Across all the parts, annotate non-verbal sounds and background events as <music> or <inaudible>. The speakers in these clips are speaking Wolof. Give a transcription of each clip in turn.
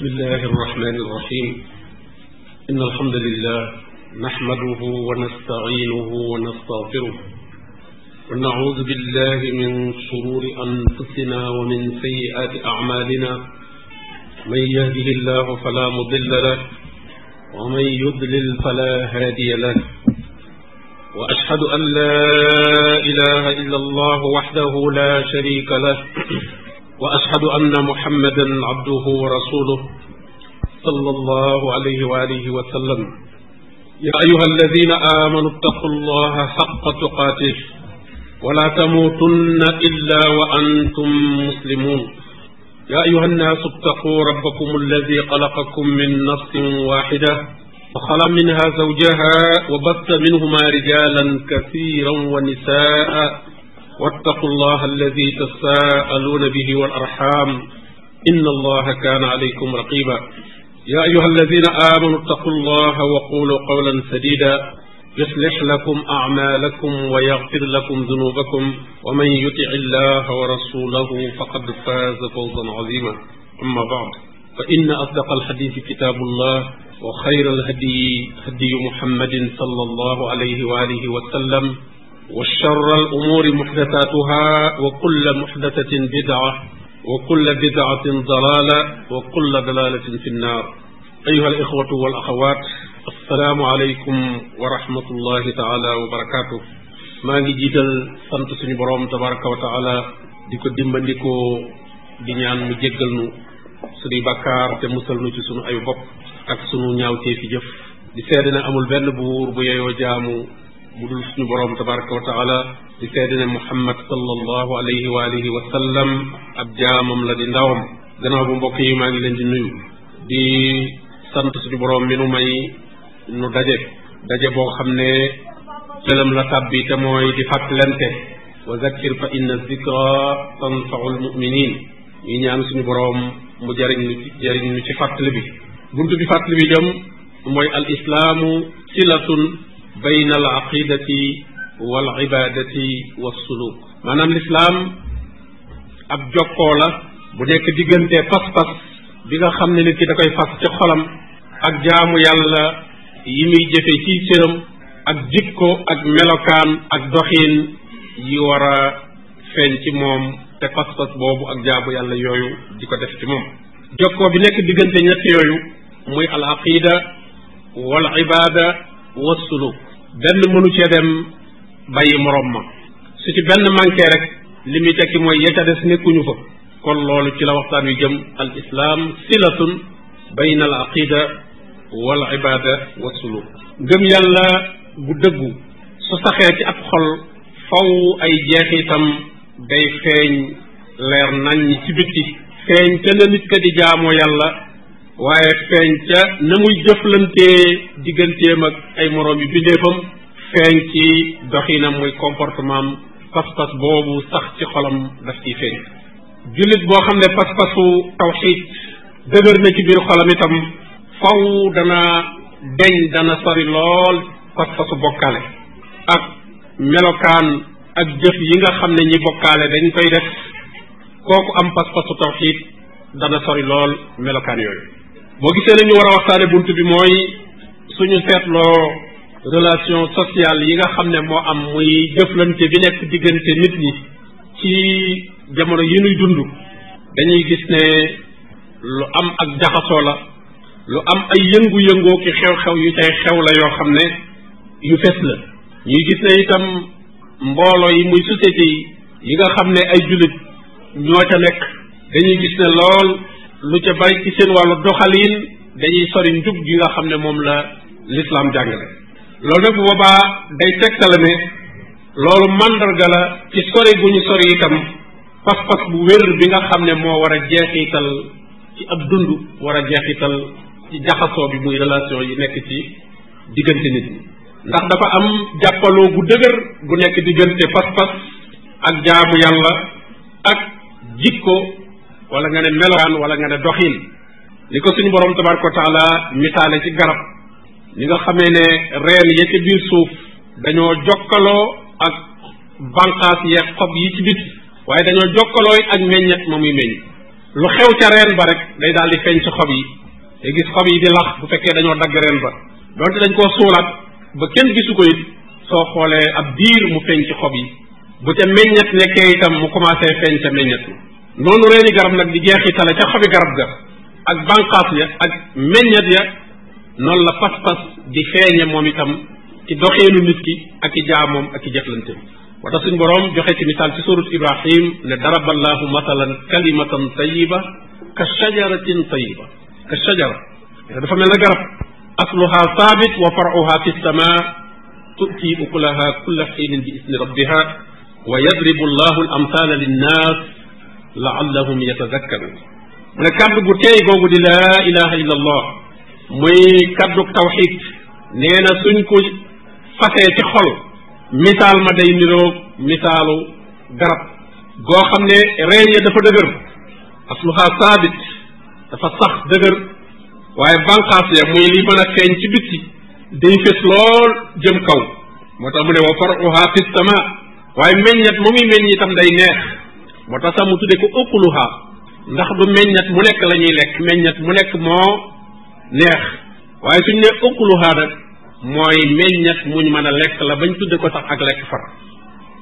بسم الله الرحمن الرحيم إن الحمد لله نحمده ونستعينه ونستغفره ونعوذ بالله من شرور أنفسنا ومن سيئات أعمالنا من يهده الله فلا مضل له ومن يضلل فلا هادي له وأشهد أن لا إله إلا الله وحده لا شريك له wa ashhadu anna muhammadan abduhu wa rasuluhu sallallahu alayhi wa alihi wa sallam ya ayyuha alladina amanu ittaqu llaha xaqa tuqaatih wala tamuutunna illa wa antum muslimun ya ayyuha annaasu ittaqu rabbakum alladi xalaqakum min nafsin waxida وخلق منها زوجها وبث منهما رجالا كثيرا ونساء wattaqu allah alladi tasaaluuna bihi wal arxam inna allaha kaana alaykum raqiba ya ayuha alladina amanu ittaqu allaha wa qulu qawlan sadida يصلح لكم أعمالكم ويغفر لكم ذنوبكم ومن يطع الله ورسوله فقد فاز فوزا عظيما أما بعد فإن أصدق الحديث كتاب الله وخير الهدي هدي محمد صلى الله عليه وآله وسلم wa sharra al umuuri muxdataatuha wa kulla muxdatatin bidaa wa kulla bidaatin dalaala wa kulla dalaalatin fi nnaar ayuha al ixwatu wal axawaat assalaamu aleykum wa rahmatullahi taala wa barakaatu maa ngi jiital sant suñu boroom tabaraka wa taala di ko dimbandikoo di ñaan mu jéggal nu suñuy bàkkaar te musal nu ci suñu ayu bopp ak suñu ñaaw tee fi jëf di seede na amul benn buur bu yeyoo jaamu mu dul suñu boroom tabaraka wa taala di seede ne muhammad sallallahu alayhi wa alihi wa sallam ab jaamam la di ndawam gannaaw bu mbokk yi maa ngi leen di nuyu di sant suñu boroom mi nu may nu daje daje boo xam ne cëlam la tàbbi te mooy di fàttalante wa zakkir fa inna zikra tanfaul muminin ñuy ñaan suñu boroom mu jariñ nu ci jariñ bi bunt bi fàttali bi jëm mooy al islaamu silatun bayna al aqidati wal ibadati wa suluk maanaam lislaam ab jokkoo la bu nekk diggante pas-pas bi nga xam ne nit ki da koy fas ci xolam ak jaamu yàlla yi muy jëfe ci cëram ak jikko ak melokaan ak doxiin yi war a feeñ ci moom te pas-pas boobu ak jaamu yàlla yooyu di ko def ci moom jokkoo bi nekk diggante ñett yooyu muy al aqida wal ibada wassulu benn mënu cee dem bàyyi moroom ma su ci benn manqué rek li muy tekki mooy ya des nekkuñu fa kon loolu ci la waxtaan wi jëm al islaam silatun bayna al aqida wal ibada wa suluk ngëm yàlla gu dëggu su saxee ci ab xol faw ay jeexitam day feeñ leer nañ ci bitti feeñ te la nit ka di jaamoo yàlla waaye feeñ ca na muy jëflantee digganteem ak ay moroom yi bindeefam feeñ ci doxinam muy comportement am pas-pas boobu sax ci xolam daf ciy feeñ jullit boo xam ne pas-pasu tawxiid dëgër na ci biir xolam itam faw dana deñ dana sori lool pas-pasu bokkaale ak melokaan ak jëf yi nga xam ne ñi bokkaale dañ koy def kooku am pas-pasu tawxiid dana sori lool melokaan yooyu boo gisee ne ñu war a waxtaane bunt bi mooy suñu seetloo relation sociale yi nga xam ne moo am muy jëflante bi nekk diggante nit ñi ci jamono yi nuy dund dañuy gis ne lu am ak jaxasoo la lu am ay yëngu-yëngoo ki xew-xew yu tey xew la yoo xam ne yu fees la ñuy gis ne itam mbooloo yi muy société yi yi nga xam ne ay jullit ñoo ca nekk dañuy gis ne lool lu ca bari ci seen wàllu doxalin dañuy sori njub gi nga xam ne moom la lislaam jàngale loolu ne bu boobaa day tegtale ne loolu màndarga la ci sori gu ñu sori itam pas-pas bu wér bi nga xam ne moo war a jeexital ci ab dund war a jeexital ci jaxasoo bi muy relation yi nekk ci diggante nit ñi ndax dafa am jàppaloo gu dëgër gu nekk diggante pas-pas ak jaamu yàlla ak jikko wala nga ne melokaan wala nga ne doxin li ko suñu borom tabaraka wa taala misaale ci garab ni nga xamee ne reen ya ca biir suuf dañoo jokkaloo ak banqaas yeeg xob yi ci bit waaye dañoo jokkalooy ak meññet ma muy meññ lu xew ca reen ba rek day daal di feeñ ci xob yi te gis xob yi di lax bu fekkee dañoo dagg reen ba donte dañ koo suulaat ba kenn gisu ko soo xoolee ab biir mu feeñ ci xob yi bu ca meññet nekkee itam mu commencé feeñ ca meññet ma noonu reeni garab nag di jeexitale ca xobi garab ga ak banqaas ya ak meññat ya noonu la pas-pas di feeñe moom itam ci doxeenu nit ki i jaamoom ak i jëflante wa tax suñ boroom joxe ci misaal ci suurat ibrahim ne daraba allahu matalan kalimatan tayiba ka shajaratin tayiba ka shajara dafa mel na garab asluha saabit wa faruha fi sama tu'ti ukulaha kulla xiinin bi isni rabbiha wa yadribu allahu al amthala linnas laallahum yatadakkaruun mu ne kaddu gu teey googu di laa ilaha illa allah muy kaddu tawxid nee na suñ ko fasee ci xol misaal ma day niroog misaalu garab goo xam ne reen ya dafa dëgër asluhaa saabit dafa sax dëgër waaye banqaas ya muy li mën a feeñ ci bitti day fés lool jëm kaw moo tax mu ne wa faruhaa fi sama waaye meññat mu muy meññ itam day neex moo tax sax mu tudde ko ëqluha ndax du meññat mu nekk lañuy lekk meññat mu nekk moo neex waaye suñ ne ëqluha nag mooy meññat muñ mën a lekk la bañ tudde ko sax ak lekk far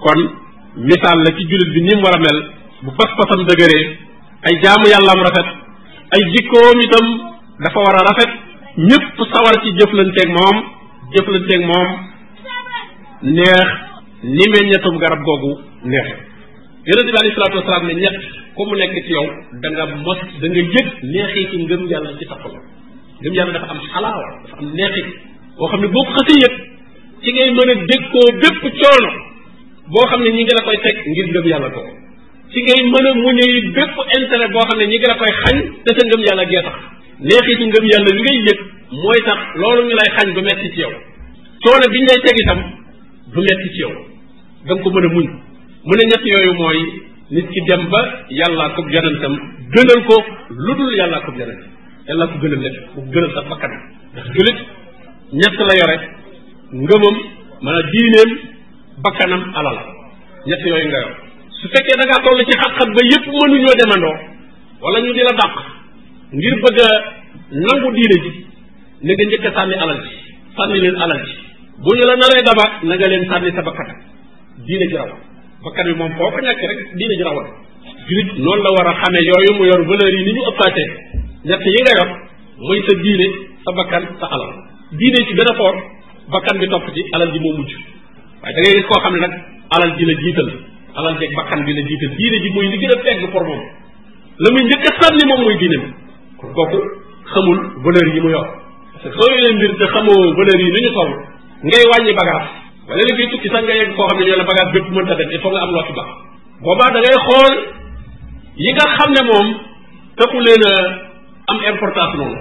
kon misaal la ci jullit bi ni mu war a mel bu pas-pasam dëgëree ay jaamu yàllaam rafet ay jikkoom itam dafa war a rafet ñëpp sawar ci jëflanteeg moom jëflanteeg moom neex ni meññatum garab googu neexe yonente bi alayhi salaatu wasalaam ne ñett ku mu nekk ci yow da nga mos da nga yëg neexi ci ngëm yàlla ci sa xol ngëm yàlla dafa am xalaawa dafa am neexi boo xam ne boo ko xasee yëg ci ngay mën a dékkoo bépp coono boo xam ne ñi ngi la koy teg ngir yàlla ko ci ngay mën a muñee bépp boo xam ne ñi ngi la koy xañ te sa ngëm yàlla gee tax neexi ci ngëm yàlla li ngay yëg mooy tax loolu ñu lay xañ du metti ci yow coono biñ lay teg itam du metti ci yow da ko mën a muñ mu ne ñett yooyu mooy nit ki dem ba yàllaa ko yonentam gënal ko lu dul yàlla ko yonent yàllaa ko gënal ko ku gënal sa bakkan ndax jullit ñett la yore ngëmam maanaam diineem bakkanam alal yooyu nga yor su fekkee da ngaa toll ci xat-xat ba yépp mënuñoo demandoo wala ñu di la dàq ngir bëgg a nangu diine ji na nga njëkk a leen alal ji bu ñu la naree na nga leen sànni sa bakkan diine bakkan bi moom foo ko ñàkk rek diine ji raw la julit noonu la war a xamee yooyu mu yor valeur yi ni ñu ëppaate ñett yi nga yor mooy sa diine sa bakkan sa alal diine ci gën a foor bakkan bi topp ci alal ji moo mujj waaye da gis koo xam ne nag alal ji la jiital alal jeeg bakkan bi la jiital diine ji mooy li gën a fegg pour moom la muy njëkk a sànni moom mooy diine bi kon kooku xamul valeurs yi mu yor parce que soo yoree mbir te xamoo valeurs yi ni ñu toll ngay wàññi bagage wala li ngay tukki sax nga yegg koo xam ne ne la bagage bépp mënta dem il faut nga am loo ci baax boobaa da xool yi nga xam ne moom taxu a am importance noonu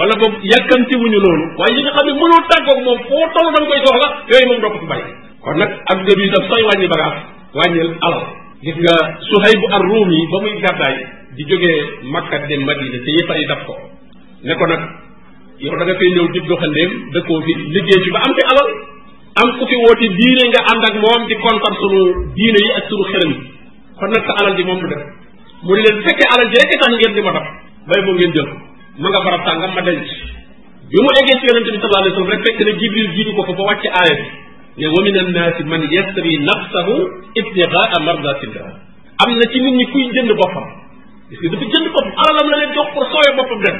wala boobu yàkkamti noonu waaye yi nga xam ne mënoo tàggoog moom foo toll da nga koy soxla yooyu moom doo ko fi bàyyi kon nag ak début itam sooy wàññi bagage wàññil alal gis nga Suhayb ar-Rumi ba muy gàddaay di jógee Makka dem Madina te yëpp ay daf ko ne nag yow da nga am ku fi woote diine nga ànd ak moom di kontar sunu diine yi ak sunu xërëm yi kon nag sa alal ji moom du def mu ne leen fekkee alal ji rek tax ngeen di ma def bay boo ngeen jël ma nga barab sàngam ma denc bi mu eggee ci yonente bi sallallahu alayhi wasallam rek fekk na jibril jiitu ko fa ba wàcce aaya bi ne wa min annaasi man yasri nafsahu ibtigaa mardatillah am na ci nit ñi kuy jënd boppam parce que dafa jënd boppam alalam la leen jox pour sooyee boppam dem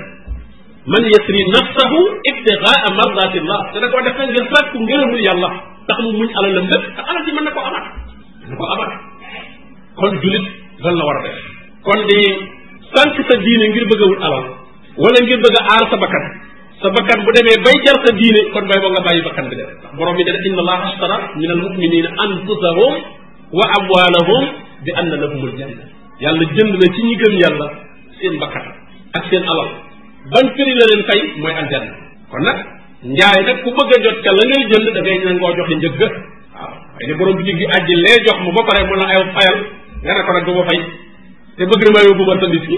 man yasri nafsahu ibtigaa mardatillah te da koo def nag ngir sàkku ngërëmul yàlla tax mu muñ alalam lépp te alal ji mën na ko amaat mën na ko amaat kon jullit lan la war a def kon di sànq sa diine ngir bëgg a wut alal wala ngir bëgg a aar sa bakkan sa bakkan bu demee bay jar sa diine kon bay boo nga bàyyi bakkan bi def ndax borom bi dana inna allaha ashtara min al muminina anfusahum wa amwalahum bi anna lahumul janna yàlla jënd na ci ñi gëm yàlla seen bakkan ak seen alal ban prix la leen fay mooy antenne kon nag njaay nag ku bëgg a jot la ngay jënd dafay nangoo joxe njëg ga waaw waaye ne borom bitig bi àjji lee jox ma ba pare mun la ay fayal nga ne ko nag du ma fay te bëgg na ma yóbbu marchandise bi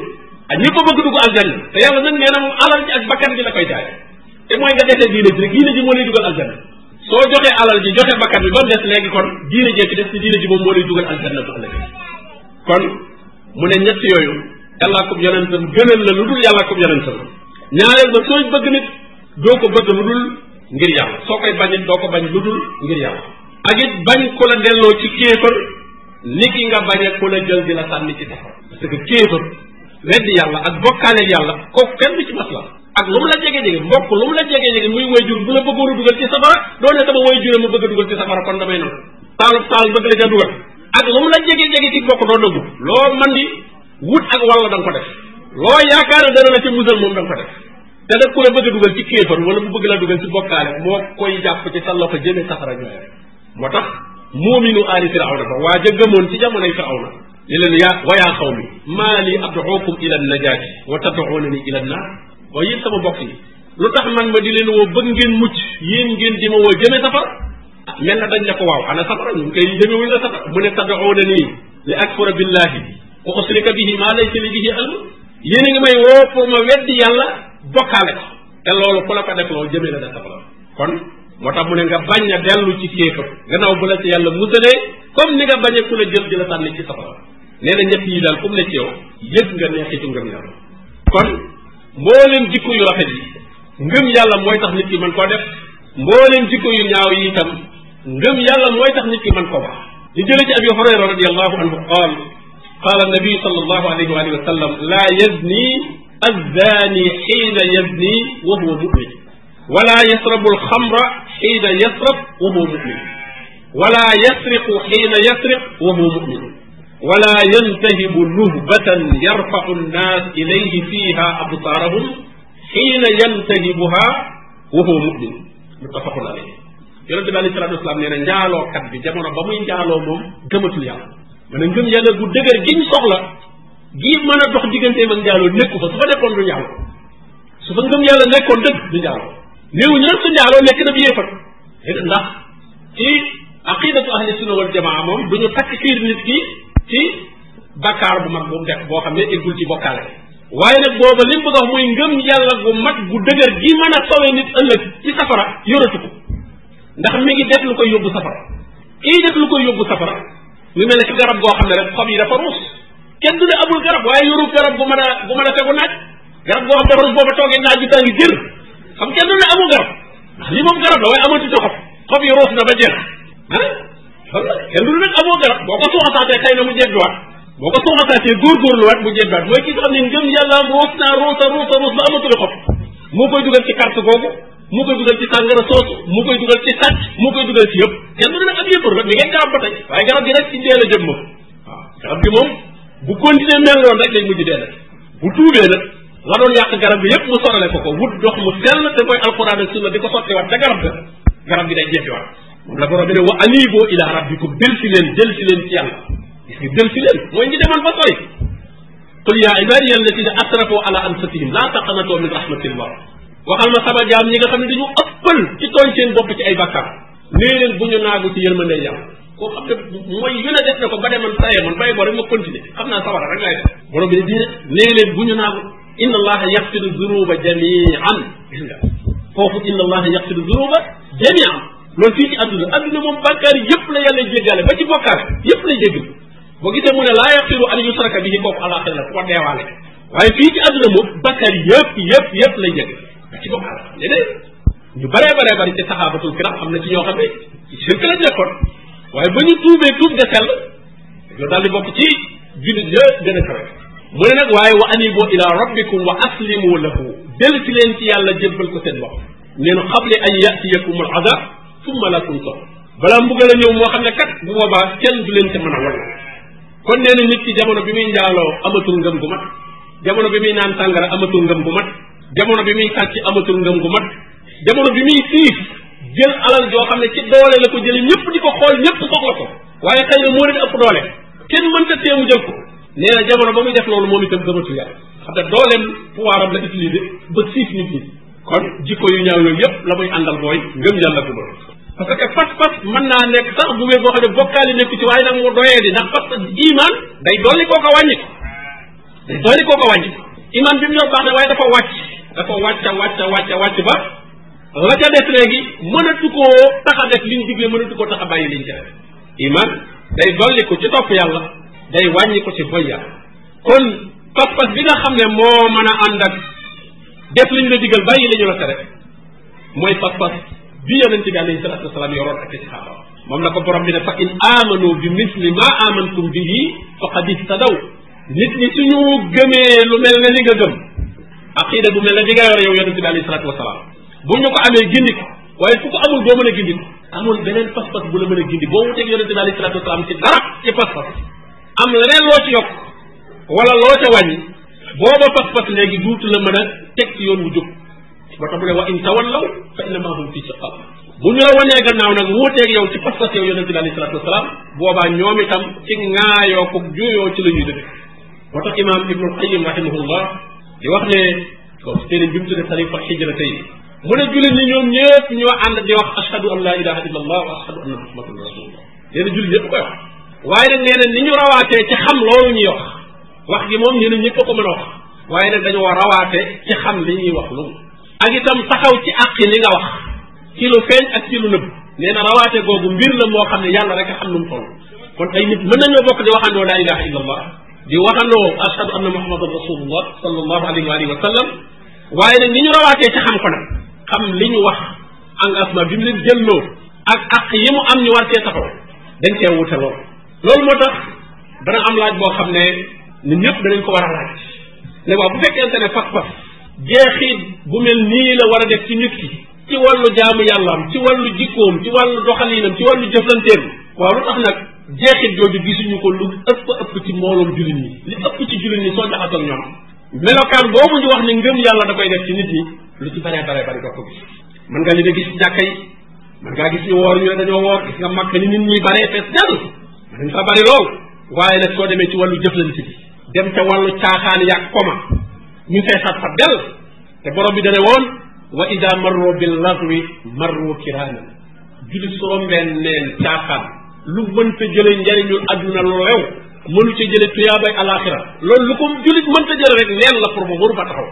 ak ñi ko bëgg dugg aljanna te yàlla nag nee na moom alal ji ak bakkan gi la koy jaay te mooy nga desee diine ji rek diine ji moo lay dugal aljanna soo joxee alal ji joxe bakkan bi ba mu des léegi kon diine jekki def ci moo lay dugal aljanna ne ñett yooyu yàllaa ko yonentam gënal la lu dul yàllaa ko yonentam ñaareel ba sooy bëgg nit doo ko bëgg lu dul ngir yàlla soo koy bañ it doo ko bañ lu dul ngir yàlla ak it la delloo ci kéefër ni ki nga bañee ku la jël di la sànni ci safara parce que kéefër weddi yàlla ak kenn ci mas la ak lu mu la jege jege la jege jege muy way jur bu la bëggoon a dugal ci safara doo ne sama way jure ma bëgg a dugal ci safara kon damay nangu taalub taal bëgg la ca dugal ak lu mu la jege jege ci mbokk doo dëggu loo man di wut ak walla da nga ko def loo yaakaar ne dana la ca musal moom da nga ko def te nag ku la bëgg a dugal ci kéefar wala mu bëgg la dugal ci bokkaale moo koy jàpp ci sa loxo jëme safara ñooy moo tax muuminu aali firawna ba waa ja gëmoon ci jamonoy firawna li leen yaa wa yaa xaw mi maa li ad'ukum ila najaati wa tad'unani ila naar waaye yéen sama mbokk yi lu tax man ma di leen woo bëgg ngeen mucc yéen ngeen di ma woo jëme safara ah mel na dañ ne ko waaw ana safara ñun koy jëmewuñ la safara mu ne tad'unani li akfura billahi wa usrika bihi maa laysa li bihi ilm yéen a ngi may woo pour ma weddi yàlla bokkaale ko te loolu ku la ko def loolu jëmee la da safara kon moo tax mu ne nga bañ a dellu ci kéefër gannaaw bu la ci yàlla musalee comme ni nga bañee ku la jël di ci safara nee na ñett yi daal fu mu ne ci yow yëg nga neexi ci ngëm yàlla kon mbooleem jikko yu rafet yi ngëm yàlla mooy tax nit ki mën koo def mbooleem jikko yu ñaaw yi itam ngëm yàlla mooy tax nit ki mën koo wax ñu jëlee ci abi hurayra radiallahu qaala nabi sallallahu alayhi wa alihi wa sallam laa yazni azzaani xiina yazni wa huwa mumin wala yasrabu alxamra xiina yasrab wa huwa mumin wala yasriqu xiina yasriq wa huwa mumin wala yantahibu nuhbatan yarfau nnaas ilayhi fiiha absaarahum xiina yantahibuha wa huwa mumin muttafaqun alayhi yonente bi alayhi salatu wasalaam nee na njaalookat bi jamono ba muy njaaloo moom gëmatul yàlla ma ne ngëm yàlla gu dëgër giñ soxla gii mën a dox digganteem ak njaaloo nekku fa su fa nekkoon du njaaloo su fa ngëm yàlla nekkoon dëgg du njaaloo néewuñu nag su njaaloo nekk na bi yéefar ndax ci aqidatu ahli sunna wal jamaa moom du ñu takk xiir nit ki ci bakkaar bu mag bu def boo xam ne eggul ci bokkaale waaye nag booba li mu bëgg a wax muy ngëm yàlla gu mat gu dëgër gi mën a sowee nit ëllëg ci safara yoratu ko ndax mi ngi def lu koy yóbbu safara kii def lu koy yóbbu safara li mel ne ki garab goo xam ne rek xob yi dafa ruus kenn du ne amul garab waaye yoru garab bu mën a bu mën a tegu naaj garab goo xam dafa ruus booba toogee naaj bi tàngi jër xam kenn du ne amul garab ndax lii moom garab la waaye amatutu xob xob yi ruus na ba jeex ah loolu la kenn du ne nag amoo garab boo ko suuxasaatee xëy na mu jedduwaat boo ko suuxasaatee góorgóorluwaat mu jedduwaat mooy ki nga xam ne ngëm yàlla ruus naa ruus a ruus a ruus ba amatul xob moo koy dugal ci carte googu moo koy dugal ci sàngara soosu moo koy dugal ci sàcc moo koy dugal ci yëpp kenn du ne nag ab yëppar nag mi ngeen garab ba tey waaye garab gi rek ci dee la jëm moom waaw garab moom bu continuer mel noonu rek day mujj dee nag bu tuubee la doon yàq garab gi yëpp mu sorale ko ko wut dox mu sell te mooy alxuraan ak sunna di ko sottiwaat te garab ga garab gi day jeppiwaat moom la borom bi ne wa anibo ila rabbikum del si leen del si leen ci yàlla gis nga del si leen la taqnatu min rahmatillah waxal ma sama jaam ñi nga xam ne dañu ëppal ci tooñ seen bopp ci ay bàkkaar nee leen bu ñu naagu ci yërmande yàlla koo xam ne mooy yu na ko ba de man saye man bàyyi boo rek ma continuer xam naa sawara rek laay def borom bi ne dina nee leen bu ñu naagu inna allaha yaxfiru dunuba jamian gis nga foofu inna allaha yaxfiru dunuba jamian loolu fii ci adduna adduna moom bàkkaar yëpp la yàlla ba ci bokkaar yëpp lay jéggal boo gisee mu ne laa yaxfiru an yusraka bihi kooku àlaxira la ko deewaale waaye fii ci adduna moom bàkkaar yëpp yëpp yëpp lay ci boppam leneen ñu baree baree bari ci saxaabatul kiram am na ci ñoo xam ne ci sirk la nekkoon waaye ba ñu tuubee tuub de sell dañoo daal di bokk ci jullit ya gën a kawe mu ne nag waaye wa anibu ila rabbikum wa aslimu lahu dellu ci leen ci yàlla jébbal ko seen bopp neenu xable an yatiyakum al azab summa la tuntor balaa mbugal a ñëw moo xam ne kat bu boobaa kenn du leen ca mën a wal kon nee na nit ki jamono bi muy njaaloo amatu ngëm gu mat jamono bi muy naan sàngara amatul ngëm gu jamono bi muy sàcc amatul ngëm gu mat jamono bi muy siif jël alal joo xam ne ci doole la ko jële ñëpp di ko xool ñëpp soxla ko waaye xëy na moo leen ëpp doole kenn mënta teemu jël ko nee na jamono ba muy def loolu moom itam gëmatul yàlla xam ne dooleem pouvoir am la utilisé ba siif nit ñi kon jikko yu ñaaw yooyu yëpp la muy àndal mooy ngëm yàlla gu mat parce naa nekk sax bu wér boo xam ne bokkaali nekku ci waaye nag mu doyee di ndax pas-pas iman day dolli koo ko wàññi ko day dolli koo ko wàññi iman bi mu yor baax na waaye dafa wàcc dafa wàcc a wàcc a wàcc a wàcc ba la ca des léegi mënatu koo tax a def liñ digle mënatu koo tax a bàyyi liñ ca def day dolli ko ci topp yàlla day wàññi ci boy yàlla kon pas-pas bi nga xam ne moo mën a ànd ak def liñ la digal bàyyi li ñu la tere mooy pas-pas bi yonente bi alayhi salatu wasalaam yoroon ak ci saxaaba moom la ko borom bi ne fa in amanu bi misli ma amantum bihi faqad ihtadaw nit ñi suñu gëmee lu mel ne li nga gëm aqida bu mel ne bi nga yor yow yonente bi alayhi salaatu wasalaam bu ñu ko amee gindi ko waaye ku ko amul doo mën a gindi ko amul beneen pas-pas bu la mën a gindi boo wuteeg yonente bi alayhi salaatu loo ci yokk wala loo ca wàññi booba pas-pas léegi duutu la mën a teg ci yoon wu jóg ba tax mu ne wa in tawallaw fa innamaa hum fii shiqaaq bu ñu la wanee gannaaw nag wuuteeg yow ci pas-pas yow yonente bi alayhi salaatu wasalaam boobaa ñoom itam ci ŋaayoo ko juuyoo ci la ñuy dëkk moo tax imaam ibnul qayim di wax ne kooku téere bi mu tuddee tariqa xijra tey mu ne jullit ñi ñoom ñëpp ñoo ànd di wax ashhadu an la ilaha illa wa ashhadu anna muhammadan rasulullah nee na jullit ñëpp koy wax waaye nag nee na ni ñu yo wax wax gi moom nee na ñëpp ko mën a wax waaye nag dañoo rawaate ci xam li ñuy wax loolu ak itam taxaw ci àqi li nga wax ci lu feeñ ak ci lu nëbb nee na rawaate googu mbir la moo xam ne yàlla rek a xam nu mu toll kon ay nit mën nañoo bokk di waxandoo laa ilaha illa allah di waxandoo ashadu anna muhammadan rasulullah sallallahu alayhi wa alihi wa sallam waaye nag ni ñu rawaatee ci xam ko nag xam li ñu wax engagement bi mu leen jëlloo ak ak yi mu am ñu war cee taxaw dañ cee wute lool loolu moo tax dana am laaj boo xam ne ñun ñëpp danañ ko war a laaj ne waaw bu fekkente ne pas-pas jeexit bu mel nii la war a def ci nit ki ci wàllu jaamu yàllaam ci wàllu jikkoom ci wàllu doxalinam ci wàllu jëflanteem waaw lu tax nag jeexit jooju gisuñu ko lu ëpp ëpp ci mbooloom jullit ñi li ëpp ci jullit ñi soo jaxasoo ak ñoom melokaan boobu ñu wax ne ngëm yàlla da koy def ci nit ñi lu ci baree baree bari doo ko gis mën nga li ne gis jàkka yi mën ngaa gis ñu woor ñu ne dañoo woor gis nga màkk ni nit ñi baree fees dell mën nañ fa bari lool waaye nag soo demee ci wàllu jëflante bi dem ca wàllu caaxaan yaag koma ñu feesat fa dell te borom bi dane woon wa ida marro bil lu mënta jële njariñul adduna lu rew mënu ca jële tuyaabay alaxira loolu lu ko jullit mënta jële rek neen la pour moom fa taxaw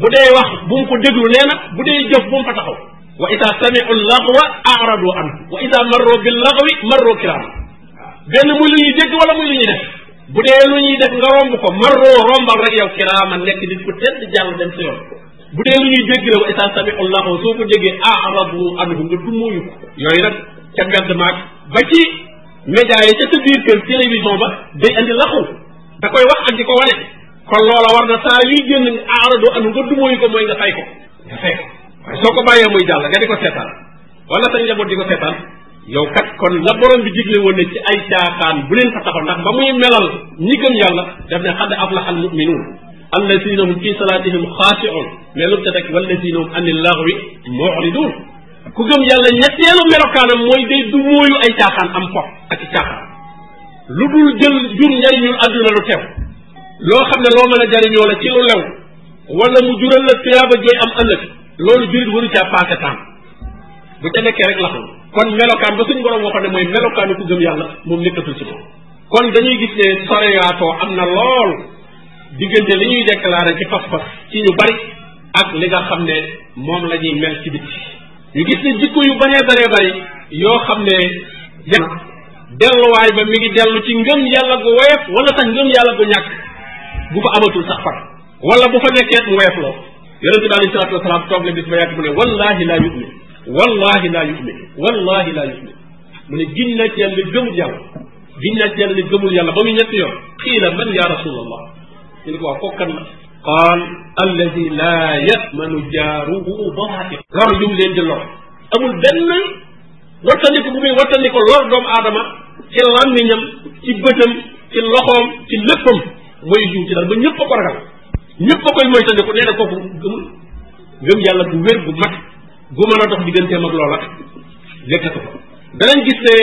bu dee wax bu mu ko déglu nee na bu dee jëf bu mu fa taxaw wa ida samiu laxwa aradu anhu wa ida marro bil laxwi marro kiraam benn muy lu ñuy dégg wala muy lu ñuy def bu dee lu ñuy def nga romb ko marro rombal rek yow kiraama nekk nit ku tedd jàll dem sa yoon bu dee lu ñuy dégg la wa ida samiu laxwa soo ko déggee aradu anhu nga dumóoyu yooyu nag ca mbedd maag ba ci médias yi ca sa biir kër télévision ba day andi laxu da koy wax ak di ko wane kon loola war na saa yuy génn aarado anu nga dumóoyu ko mooy nga fay ko nga fay ko waaye soo ko mo muy jàll ga di ko seetaan wala sañ njaboot di ko seetaan yow kat kon la borom bi digle woon ne ci ay caaxaan bu leen fa taxaw ndax ba muy melal ñi gëm yàlla daf ne xad aflaxal muminuun allazina hum fi salaatihim xaasiun mais lu mu ca teg wallazina hum anil laxwi muridun ku gëm yàlla ñetteelu melokaanam mooy day du mooyu ay caaxaan am fop ak i caaxaan lu dul jël jur njariñul àdduna lu teew loo xam ne loo mën a jariñoo la ci lu lew wala mu jural la tuyaaba jooy am ëllëg loolu jurit waru caa paase taam bu ca nekkee rek laxul kon melokaan ba suñ borom xam ne mooy melokaanu ku gëm yàlla moom nekkatul ci moom kon dañuy gis ne soreyaatoo am na lool diggante li ñuy déclaré ci pas-pas ci ñu bari ak li nga xam moom la ñuy ci biti yu gis ne jikko yu baree baree bari yoo xam ne delluwaay ba mi ngi dellu ci ngëm yàlla gu woyof wala sax ngëm yàlla gu ñàkk bu fa amatul sax far wala bu fa nekkee mu woyof loo yonente bi alayhi salatu wasalaam toog la bis ba yàgg mu ne wallahi laa yumin wallahi laa yumin wallahi laa mu ne giñ naa ci yàlla ne gëmul yàlla giñ naa ci yàlla ne gëmul yàlla ba muy ñetti yoon xii la man ya rasulallah ñu ne ko waaw kokkan qaal alladi laa yamanu jaaruhu baatiq lor jum leen di lor amul benn wattandiku bu muy wattandiku lor doom aadama ci làmmiñam ci bëtam ci loxoom ci léppam mooy juum ci dara ba ñëpp ko ragal ñëpp a koy moytandiku nee na kooku gëm gëm yàlla bu wér bu mat gu mën a dox digganteem ak loola lekkatu ko danañ gis ne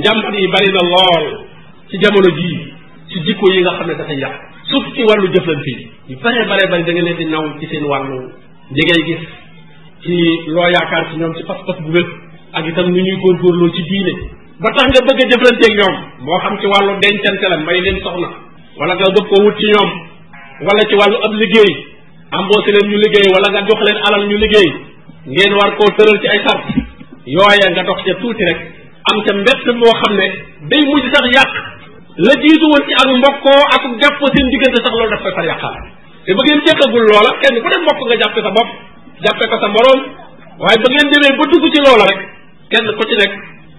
njàmbat yi bari na lool ci jamono jii ci jikko yi nga xam ne dafay yàq surtout ci wàllu jëflante yi yu bare bare bari da nga leen di naw ci seen wàllu li ngay gis ci loo yaakaar ci ñoom ci pas-pas bu wér ak itam nu ñuy góorgóorloo ci diine ba tax nga bëgg a jëflanteeg ñoom moo xam ci wàllu dencante la may leen soxna wala nga bëgg koo wut ci ñoom wala ci wàllu ab liggéey embauché leen ñu liggéey wala nga jox leen alal ñu liggéey ngeen war koo tëral ci ay sart yooya nga dox ca tuuti rek am ca mbett moo xam ne day mujj sax yàq la jiitu woon ci ak mbokkoo ak jàpp seen diggante sax loolu daf koy far yàqaal te ba ngeen jeexagul loola kenn ku ne bopp nga jàppe sa bopp jàppe ko sa moroom waaye ba ngeen demee ba dugg ci loola rek kenn ku ci nekk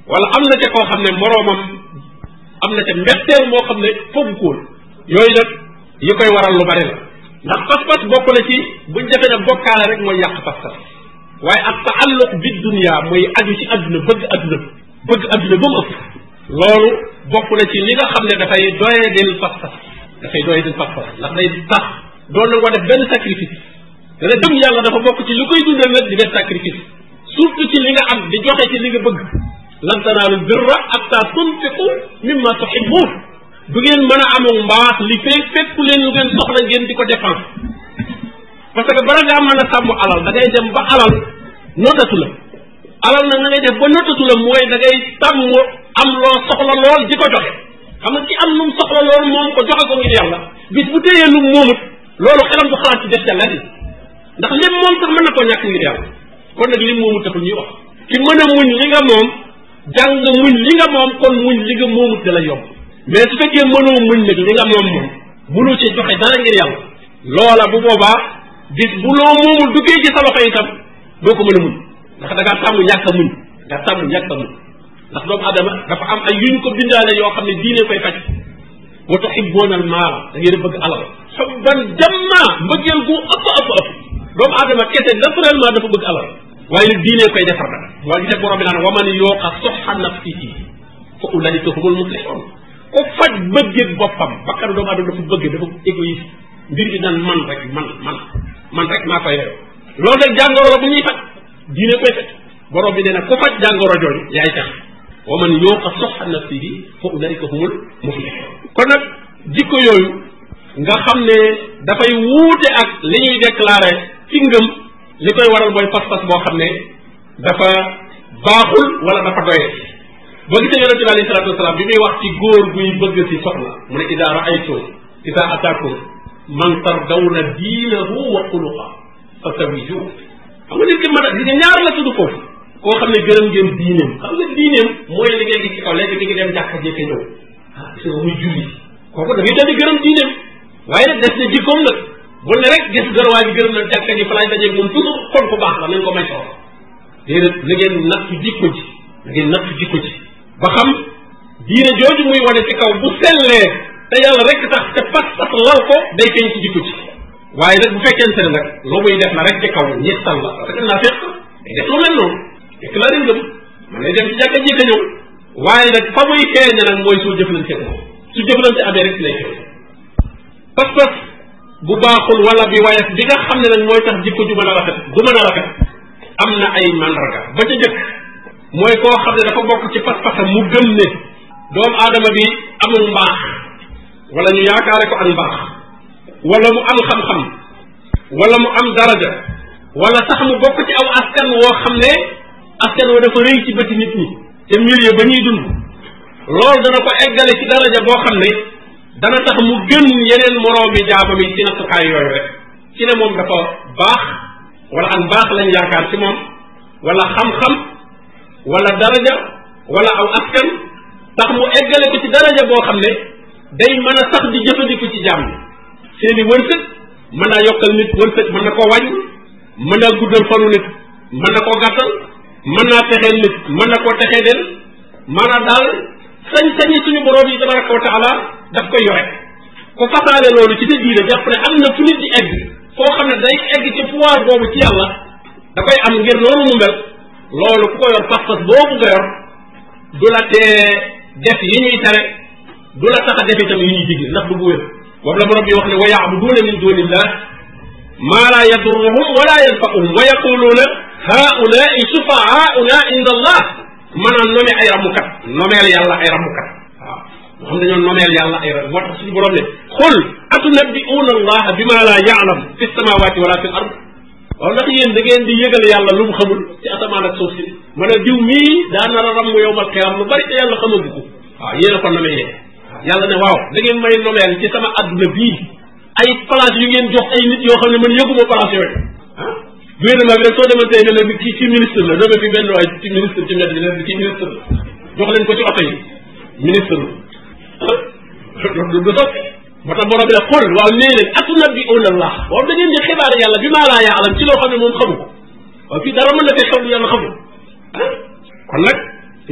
wala am na ca koo xam ne moroomam am na ca mbetteel moo xam ne foofu kóol yooyu nag yi koy waral lu bari la ndax pas-pas bokk na ci buñ defee ne bokkaale rek mooy yàq pas-pas waaye ak taalluq bi dunia mooy aju ci adduna bëgg adduna bëgg adduna ba mu ëpp loolu bokk na ci li nga xam ne dafay doyee del pas-pas dafay doyee del pas-pas ndax day tax doon na ko def benn sacrifice dana yàlla dafa bokk ci li koy dundal nag di def sacrifice surtout ci li nga am di joxe ci li nga bëgg lan tanaalu birra hatta tunfiqu mimma tuhibbun bu ngeen mën a amul mbaax li fee fekku leen lu ngeen soxla ngeen di ko dépense parce que bara ngaa mën a sàmm alal da ngay dem ba alal notatu la alal na na ngay def ba notatu la mooy da ngay sàmm am loo soxla lool di ko joxe xam nga ki am lu mu soxla lool moom ko joxe ko ngir yàlla bis bu téyee loolu xelam du xalaat ci def yàlla di ndax lim moom sax mën na koo ñàkk ngir yàlla kon nag lim moomu taxul ñuy wax ki mën a muñ li nga moom jàng nga muñ li nga moom kon muñ li nga moomut da la yomb mais su fekkee mënoo muñ nag li nga moom moom mënoo ci joxe dara ngir yàlla loola bu boobaa bis bu loo moomul duggee ci sa loxo itam doo ko mën a muñ ndax da ngaa tàmm ñàkk a muñ da tàmm ñàkk a muñ ndax doomu aadama dafa am ay yu ñu ko bindaale yoo xam ne diine koy faj wa tuhibbuuna al maala da ngeen a bëgg alal xubban jamma mbëggeel gu ëpp ëpp ëpp doomu aadama kese naturellement dafa bëgg alal waaye nag diine koy defar nag waaye ñu def borom bi naan wa man yooqa soxa nafsihi fa ulaika humul muflixuun ku faj bëggee boppam bakkanu doomu aadama dafa bëgg dafa égoïste mbir bi naan man rek man man man rek maa koy yeyoo loolu nag jàngoro la bu ñuy faj diine koy faj borom bi nee na ku faj jàngoro jooju yaay tax wa man yooqa soxa nafsihi fa ulaika humul muflixun kon nag jikko yooyu nga xam ne dafay wuute ak li ñuy déclaré ci ngëm li koy waral mooy pas-pas boo xam ne dafa baaxul wala dafa doye ba gis yonente bi alayhi salatu wasalaam bi muy wax ci góor guy bëgg ci soxna mu ne ida raaytum ida ataakum man tardawna diinahu wa xuluqa fa sawijuhu xam nga nit ki mën a gis nga ñaar la tudd foofu koo xam ne gërëm ngeen diineem xam nga diineem mooy li ngeen di ci kaw léegi di ngi dem jàkka jëkke ñëw ah waaye nag des na jikkoom nag bul ne rek gis garwaay bi gërëm na jàkka ji fa laay dajeeg na ngeen nattu jikko ci na ngeen nattu jikko ci ba xam diine jooju muy wane ci kaw bu sellee te yàlla rek tax te pas pas lal ko day feeñ ci jikko ci waaye nag bu fekkente ne nag loo muy def na rek ci kaw ñettal la parce que naa fekk day def lu mel noonu déclaré ngëm mën na dem ci jàkka jëkka ñëw waaye nag fa muy feeñe nag mooy soo jëflante ak su jëflante amee rek lay xew bu baaxul wala bi wayas bi nga ne nag mooy tax jikko ju mën du mën a am na ay mandarga ba ca mooy ko xam ne dafa bokk ci pas-pasam mu gëm ne doomu aadama bi amul mbaax wala ñu yaakaare ko ak mbaax wala mu am xam-xam wala mu am daraja wala sax mu bokk ci aw askan woo xam ne askan wa dafa rëy ci bëti nit ñi te milieu ba ñuy dund loolu dana ko eggale ci daraja boo xam ne dana tax mu gën yeneen moroomi jaamam yi ci nattukaay yooyu rek ci ne moom dafa baax wala an baax lañ yaakaar ci moom wala xam-xam wala daraja wala aw askan tax mu eggale ko ci daraja boo xam ne day mën a sax di jëfandiku ci jaam yi seeni wërsëg mën naa yokkal nit wërsëg mën na ko wàññi mën naa guddal fanu nit mën na koo gàttal mën naa texeel nit mën na koo texee del maanaam daal sañ-sañi suñu borom yi tabaraka wa taala daf koy yore ku fasaale loolu ci sa diine jàpp ne am na fu nit di egg foo xam ne day egg ci pouvoir boobu ci yàlla da koy am ngir noonu mu mel loolu ku ko yor pas-pas boobu nga yor du la tee def yi ñuy tere du la tax a def itam yi ñuy digle ndax du bu wér boobu la borom bi wax ne wa yaabuduuna min dunillah maa laa yadurruhum wala yanfa'uhum wa yaquluuna haulai sufaauna inda allah maanaam nomee ay ramukat nomeel yàlla ay ramukat waaw moo xam dañoo nomeel yàlla ay ram moo tax suñu borom ne xul atunabbiuuna allah bi ma laa yaalam fi samawati wala fi l ard waaw ndax yéen da ngeen di yëgal yàlla lu mu xamul ci asamaan ak suuf si ma ne diw mii daa nar a ramm yowmal xiyaam lu bari te yàlla xamagu ko waaw yéen a ko nomee yéen yàlla ne waaw da ngeen may nomeel ci sama adduna bii ay place yu ngeen jox ay nit yoo xam ne man yëguma place yooyu ah gouvernement bi nag soo demee tey ne la kii ci ministre la dooga fi benn waay ci ministre ci mbedd bi ne kii ministre la jox leen ko ci oto yi ministre la ah, du sotti moo tax borom bi nag xool waaw nee leen atunabbi'uuna Allah waaw da ngeen di xibaar yàlla bi maa laa ya'lam ci loo xam ne moom xamu ko waaw fii dara mën na fee xew lu yàlla xamu ah, kon nag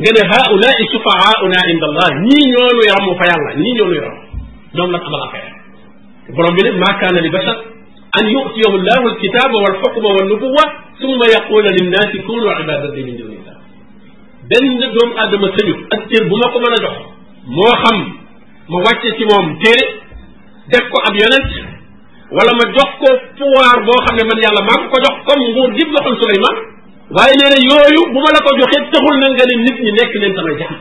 nga ne haa'ulaa'i shufaa'aa'unaa inda Allah ñii ñoo nuy ramu fa yàlla ñii ñoo nuy ramu ñoom la amal affaire borom bi ne maa kaana li bashar an yu'tiyahu llahu alkitaba wal hukma wan nubuwa summa yaqula linnaasi kunu ibadati min dunillah benn doomu aadama sañu ak cër bu ma ko mën a jox moo xam ma wàcce ci moom téere def ko ab yonent wala ma jox ko pouvoir boo xam ne man yàlla maa ko ko jox comme nguur gi joxoon Suleymaan waaye nee na yooyu bu ma la ko joxee taxul na nga ne nit ñi nekk leen samay jaam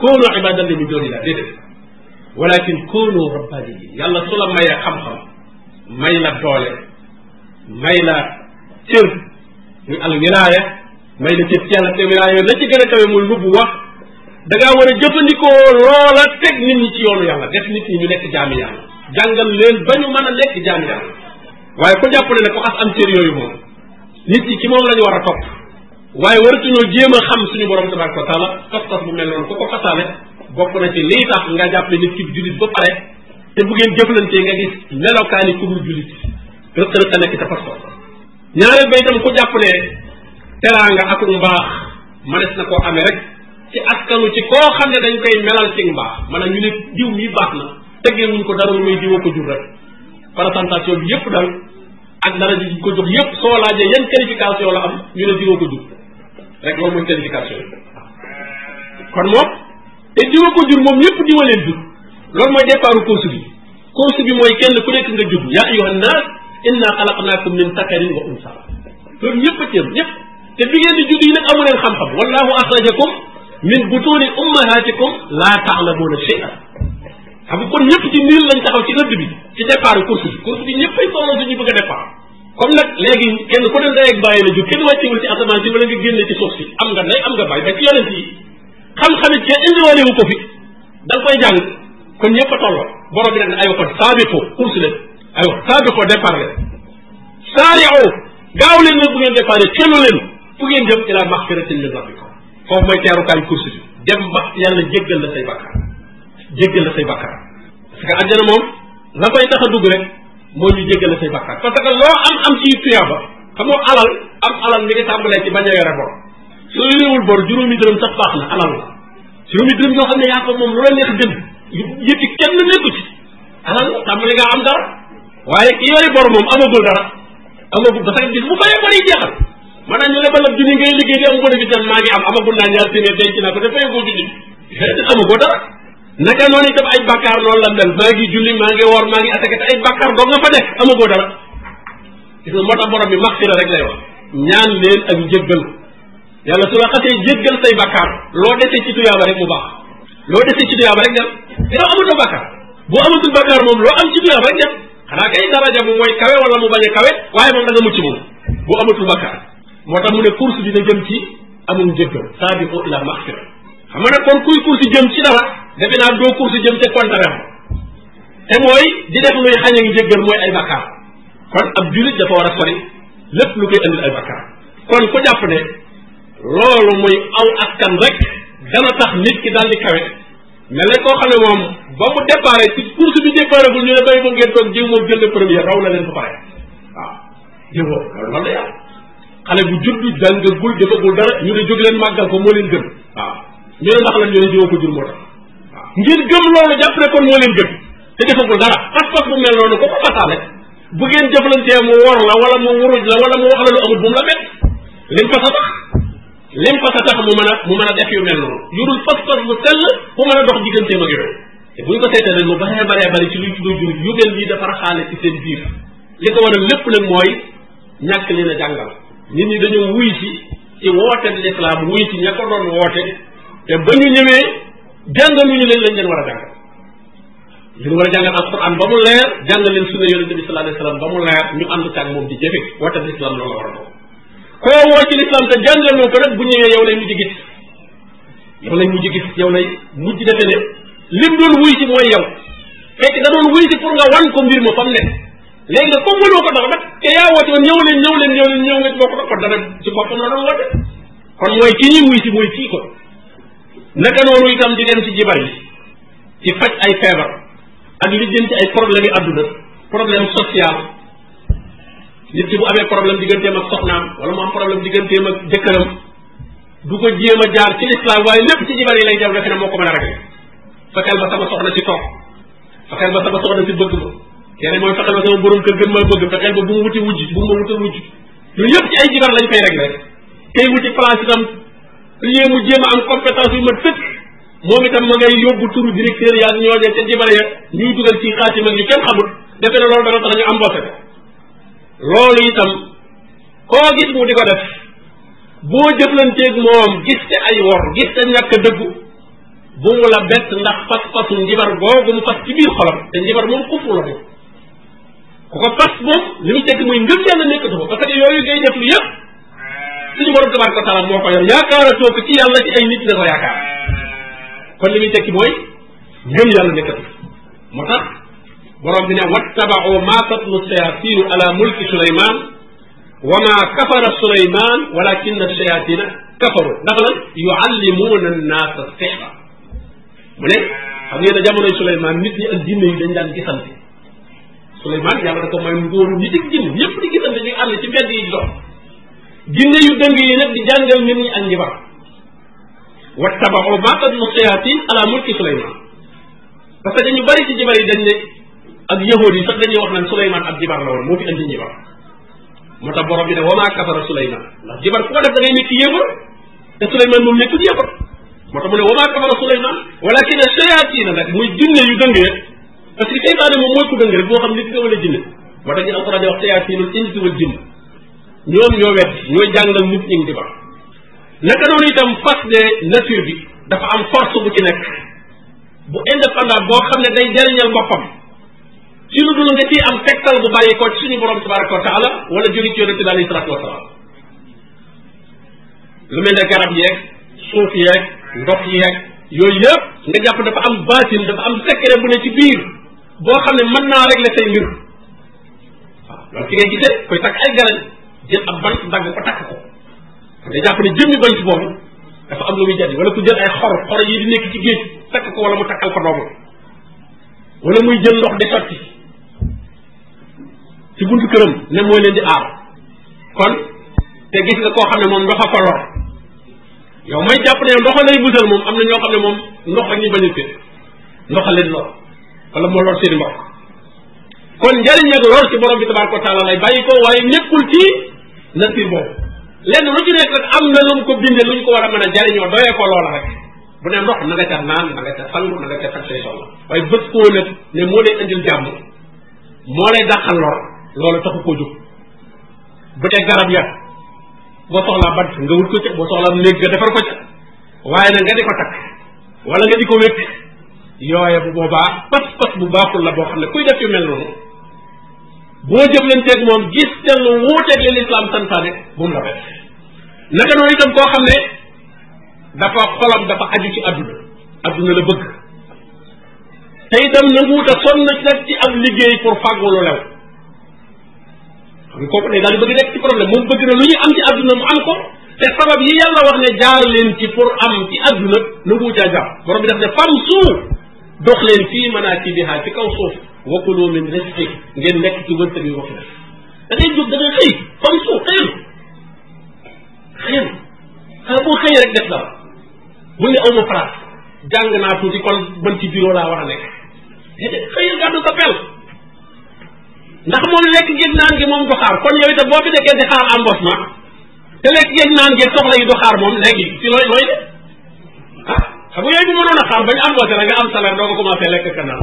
kunu ibadan min dunillah déedéet walakin kunu rabbaniyin yàlla su la mayee xam-xam may la doole may la cër muy al wilaaya may la cër ci yàlla te wilaaya yooyu la ci gën a kawe muy rubbu wax da ngaa war a jëfandikoo loola teg nit ñi ci yoonu yàlla def nit ñi ñu nekk jaami yàlla jàngal leen ba ñu mën a nekk jaami yàlla waaye ku jàppale ne ko xas am cër yooyu moom nit ñi ci moom la ñu war a topp waaye waratuñoo jéem a xam suñu borom tabaraka wa taala pas-pas bu mel noonu ku ko fasaale bokk na ci lii tax nga jàppale nit ki jullit ba pare te bu ngeen jëflantee nga gis melokaani ku dul jullit rëq-rëq nekk ca fas ko ñaareel ba itam ku jàpp ne teraanga ak mbaax mënees na ko amee rek ci askanu ci koo xam ne dañ koy melal ci mbaax na ñu ne diw mi baax na teggee wuñ ko dara lu may diwoo ko jur rek présentation bi yépp daal ak dara ji ko jox yépp soo laajee yan qualification la am ñu ne diwoo ko jur rek loolu mooy qualification yi kon moom te diwoo ko jur moom yépp diwa leen jur loolu mooy départu course bi course bi mooy kenn ku nekk nga jub yaa ayyuhan naas inna xalaqnaakum min zakarin wa unsa loolu ñëpp a teem ñëpp te bi ngeen di judd yi nag amu leen xam-xam wallahu axrajakum min butuni ummahatikum laa taalamuuna shay'an xam kon ñëpp ci niil lañ taxaw ci rëdd bi ci départu course bi course bi ñëpp ay soxla suñuy bëgg a départ comme nag léegi kenn ku ne dayeg bàyyi la jub kenn wàccewul ci asamaan si wala nga génne ci suuf si am nga nay am nga bàyyi ba ci yonent yi xam-xamit kenn indiwaale ko fi da koy jàng kon ñëpp a tolloo borom bi nag ne aywa kon saabiqu course leen aywa saabiqu départ leen saari'u gaaw leen nag bu ngeen départ xelu leen fu ngeen jëm ila maxfiratin min rabbikum foofu mooy teerukaayu course bi dem ba yàlla jéggal la say bàkkaar jéggal la say bàkkaar parce que a dugg moo ñu jéggal la say bàkkaar parce que loo am am ci tuyaaba xam nga alal am alal mi ngi tàmbalee ci bañ a yore bor soo yorewul bor juróomi dërëm sax baax na alal la juróomi dërëm yoo xam ne yaa ko moom lu la neex jënd yëfi kenn nekku ci ah li ngaa am dara waaye ki yore bor moom amagul dara amagul dafa gis bu bëree bëri jeexal maanaam ñu ne ba nag junni ngay liggéey di am bénéfice am maa ngi am amagul naa ñaar téeméer denc naa ko te fayagoo junni amagoo dara naka noonu itam ay bakkaar loolu la mel maa ngi julli maa ngi woor maa ngi attaqué te ay bakkaar doog nga fa nekk amagoo dara gis nga moo tax borom bi maxfira rek lay wax ñaan leen ak njëggal yàlla su la xasee jéggal say bakkaar loo desee ci tuyaaba rek mu baax loo desee ci tuyaaba rek dem yow amatul bàkkaar boo amatul bàkkaar moom loo am ci tuyaaba rek dem xanaa kay daraja bu mooy kawe wala mu bañ a kawe waaye moom da nga mucc moom boo amatul bàkkaar moo tax mu ne course dina jëm ci amul jëggal saabiqu ila maxfira xam nga nag kon kuy course jëm ci dara defe naa doo course jëm te contraire te mooy di def luy xañ a ngi jëggal mooy ay bàkkaar kon ab julit dafa war a sori lépp lu koy andil ay bàkkaar kon ku jàpp ne loolu muy aw askan rek dana tax nit ki daal di kawe mais koo xam ne moom ba mu déparé ci course bi déparégul ñu ne bay mu ngeen toog jiw moom jël na première raw na leen ba pare waaw jiw moom loolu man la yàlla xale bu juddu jàngagul defagul dara ñu ne jóg leen màggal ko moo leen gën waaw ñu ne ndax lan ñu ne jiwoo ko jur moo tax waaw ngir gëm loolu jàpp ne kon moo leen gën te defagul dara pas-pas bu mel noonu ko ko fasaale bu ngeen jëflantee mu wor la wala mu wuruj la wala lim fa sa tax mu mën a mu mën a def yu mel noonu yorul pas-pas bu sell bu mën a dox digganteem ak yooyu te buñ ko seetee nag lu baree baree bari ci luy tudd jur yu mel nii dafa raxaale ci seen biir li ko waral lépp nag mooy ñàkk leen a jàngal nit ñi dañoo wuy ci ci woote lislaam wuy ci ña ko doon woote te ba ñu ñëwee jàngaluñu leen lañ leen war a jàngal li ñu war a jàngal alquran ba mu leer jàngal leen sunna yonente bi sallallahu alayhi ba mu leer ñu ànd ak moom di jëfe woote lislaam loolu koo woo ci lislaam te jàngaloo ko nag bu ñëwee yow lay mujj gis yow lay mujj gis yow lay mujj defe ne lim doon wuy si mooy yow fekk da doon wuy si pour nga wan ko mbir ma fa mu ne léegi nag comme mënoo ko dara nag te yaa ñëw leen leen ñëw leen ñëw nga ci bokk nag kon dana mooy ki ñuy wuy si mooy kii ko naka noonu itam di dem ci jibal yi ci faj ay feebar ak li jëm ci ay problème yi problème social nit ki bu amee problème digganteem ak soxnaam wala mu am problème digganteem ak jëkkëram du ko jéem a jaar ci islam waaye lépp ci jibar yi lay dem defe moo ko mën a régler fexeel ba sama soxna si toog fexeel ba sama soxna si bëgg ma yeneen mooy fexeel ba sama borom kër gën maa bëgg fexeel ba bu ma wuti wujj bu ma wuti mu a am compétence yu mat sëkk moom itam ma ngay yóbbu turu directeur yaa ñooñee ca jibare ya ñuy dugal ci xaatim ak ñu kenn xamul defe ne loolu dana tax ñu embauché loolu itam koo gis mu di ko def boo jëflanteeg moom gis te ay wor gis te ñàkk dëggu bu mu la bett ndax fas-fasu njibar googu mu fas ci biir xolam te njibar moom kufru la def ku ko fas moom li mu tekk muy ngëm yàlla nekkatu fa parce que yooyu ngay def moo ko yor yaakaaratoo ko ci yàlla ci ay nit la ko yaakaar kon li muy tekki mooy ngëm yàlla nekkatu moo tax borom bi ne wattabaau ma tatlu shayaatinu ala mulki suleyman wa ma kafara suleyman walakina shayaatina kafaru ndax lan yuallimuuna annaasa sixra mu ne xam ngeen ne jamonoy suleyman nit ñi ak jinne yi dañ daan gisante suleyman yàlla da ko may ngóoru nit ak jinne ñëpp di gisante ñu ànd ci mbedd yi di dox jinne yu dëng yi nag di jàngal nit ñi ak njibar wattabaau ma tatlu shayaatin ala mulki suleyman parce que dañu bari ci jibar yi dañ ne ak yahood yi sax dañuy wax naan Souleymane ab jibar la woon moo fi andi njibar moo tax borom bi ne wamaa kafara Souleymane ndax jibar ku ko def da ngay nekk yéefar te Souleymane moom nekkul yéefar moo tax mu ne wamaa kafara Souleymane walakin shayatina nag muy jinne yu dëng rek parce que seytaane moom mooy ku dëng rek boo xam nit nga wala jinne moo tax ñu alquran wax shayatinul insi wal jinn ñoom ñoo wet ñooy jàngal nit ñi njibar naka noonu bi dafa am force bu ci nekk bu indépendant boo xam ne day jariñal boppam ci lu dul nga ciy am tegtal bu bàyyi ko ci suñu borom tabaraka wa taala wala jóge ci yonente bi alayhi salatu wasalaam lu mel ne garab yeeg suuf yeeg ndox yeeg yooyu yëpp nga jàpp dafa am baatin dafa am secret bu ne ci biir boo xam ne mën naa régler say mbir waaw loolu ci ngay gisee koy takk ay garan jël ab bant dagg ko takk ko nga jàpp ne jëmmi bant boobu dafa am lu muy jariñ wala ku jël xor xor yi di ko wala mu takkal ko doomam wala muy jël ndox di sotti ci buntu këram ne mooy leen di aar kon te gis nga koo xam ne moom ndoxa ko lor yow may jàpp ne ndoxa lay busal moom am na ñoo xam ne moom ndox ak ñu bañ a féet leen lor wala moo lor seen mbokk kon njariñ ak lor ci borom bi tabaraka wa taala lay bàyyi ko waaye nekkul ci nature boobu lenn lu ci rek am na lu mu ko bindee lu ñu ko war a jariñoo doyee ko loola rek bu ne ndox na nga ca naan na nga ca sangu na nga ca faj say soxla waaye bët koo nag ne moo lay indil jàmm moo lay dàqal lor loolu taxu koo jóg bu ca garab ya boo soxlaa bant nga wut ko ca boo soxlaa néeg nga defar ko ca waaye nag nga di ko takk wala nga di ko wékk yooye bu boobaa pas-pas bu baaxul la boo xam ne kuy def yu mel noonu boo jëflanteeg moom gis te lu wuuteeg li lislaam santaane bu mu la def naka noonu itam koo xam ne dafa xolam dafa aju ci adduna adduna la bëgg te itam nanguwut a sonn nag ci ab liggéey pour fàggulu lew xam nga kooku di bëgg nekk ci problème moom bëgg na lu ñuy am ci adduna mu am ko te sabab yi yàlla wax ne jaar leen ci pour am ci adduna nanguwu caa jaar bi daf ne fam suuf dox leen fii manaakibihaa ci kaw suuf ci wërsëg yi wax na da ngay jóg da ngay xëy fam suuf xëyal xëyal xanaa boo xëyee jàng naa tuuti kon man ci bureau a nekk xëyal sa pel ndax moom lekk géeg naan gi moom du xaar kon yow itam boo fi nekkee di xaar embauchement te lekk géeg naan gi soxla yi du xaar moom léegi ci looy looy de ah xam nga yooyu bu mënoon a xaar bañ am salaire doo ko commencé lekk ka naan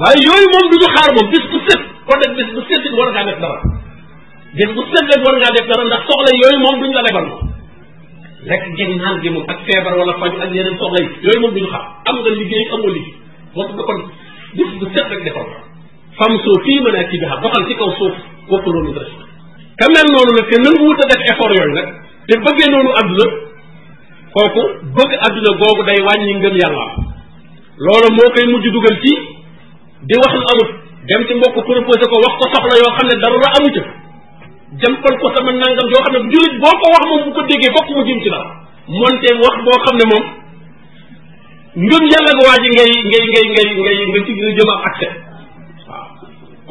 waaye yooyu moom du du xaar moom bis bu set kon nag bis bu bu set rek war ngaa def dara ndax la lebal moom lekk géeg naan gi moom ak feebar wala faj ak yeneen soxla yi yooyu moom du ñu xaar am nga liggéey amoo liggéey wax nga kon bis set rek defal famsoo fii manaakibihaa doxal ci kaw suuf wapaloo min rësq ka mel noonu nag te nangu wut a def effort yooyu nag te bëggee noonu adduna kooku bëgg adduna googu day wàññi ngëm yàlla loolu moo koy mujj dugal ci di wax lu amut dem ci mbokk proposé ko wax ko soxla yoo xam ne dara amu ca jàmpal ko sama nangam yoo xam ne jullit boo ko wax moom bu ko déggee fokk mu jëm ci dara moonte wax boo xam ne moom ngëm yàlla nga waa ji ngay ngay ngay ngay a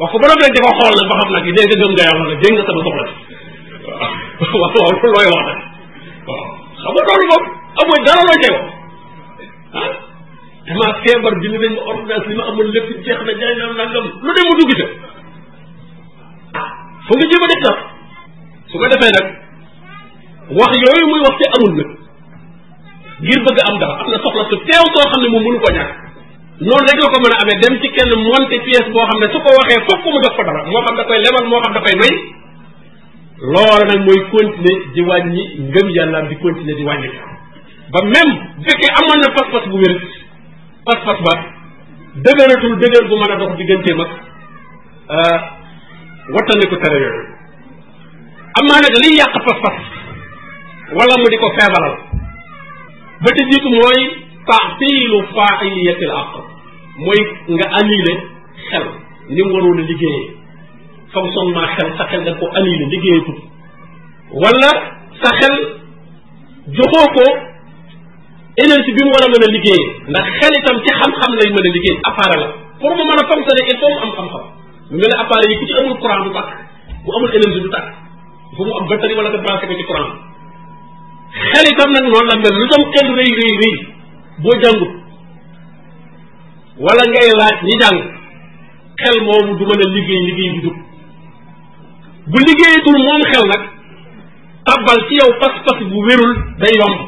wax ko ba noppi nag di ko xool nag ba xam nag dégg nga gëm nga yàlla nag dégg nga sama soxla waaw waaw loolu looy wax nag waaw xam nga loolu moom amul dara loo cay wax ah damaa feebar bi ni nañ ma ordonnance li ma amul lépp jeex na jaay naa nangam lu ne mu dugg ca ah fu nga jéem a def nag su ko defee nag wax yooyu muy wax te amul nag ngir bëgg am dara am na soxla su teew soo xam ne moom mënu ko ñàkk noonu rek ko mën a amee dem ci kenn monte pièce boo xam ne su ko waxee fokk mu jox ko dara moo xam da koy lebal moo xam da koy may loola nag mooy continuer di wàññi ngëm yàllaam di continuer di wàññi ba même bu fekkee amoon na pas-pas bu wér pas-pas ba dëgëratul dëgër bu mën a dox digganteem ak euh, wattandiku tere yooyu amaa nag liy yàq pas-pas wala mu di ko feebaral ba te jiitu mooy taafiilu faa'iliyatil aql mooy nga annulé xel ni mu waroon a liggéeyee fonctionnement xel sa xel da ko annulé liggéeyatul wala sa xel joxoo ko énergie bi mu war a mën a liggéeyee ndax xel itam ci xam-xam lay mën a liggéey appareil la pour mu mën a fonctionner il faut mu am xam-xam mu mel ne appareil yi ku ci amul courant du tàkk bu amul énergie du tàkk bu mu am batterie wala nga branché ko ci courant xel itam nag noonu la mel lu tam xel rëy rëy rëy boo jàngut wala ngay laaj ñi jàng xel moomu du mën a liggéey liggéey bu jub bu liggéeyatul moom xel nag tabbal ci yow pas-pas bu wérul day yomb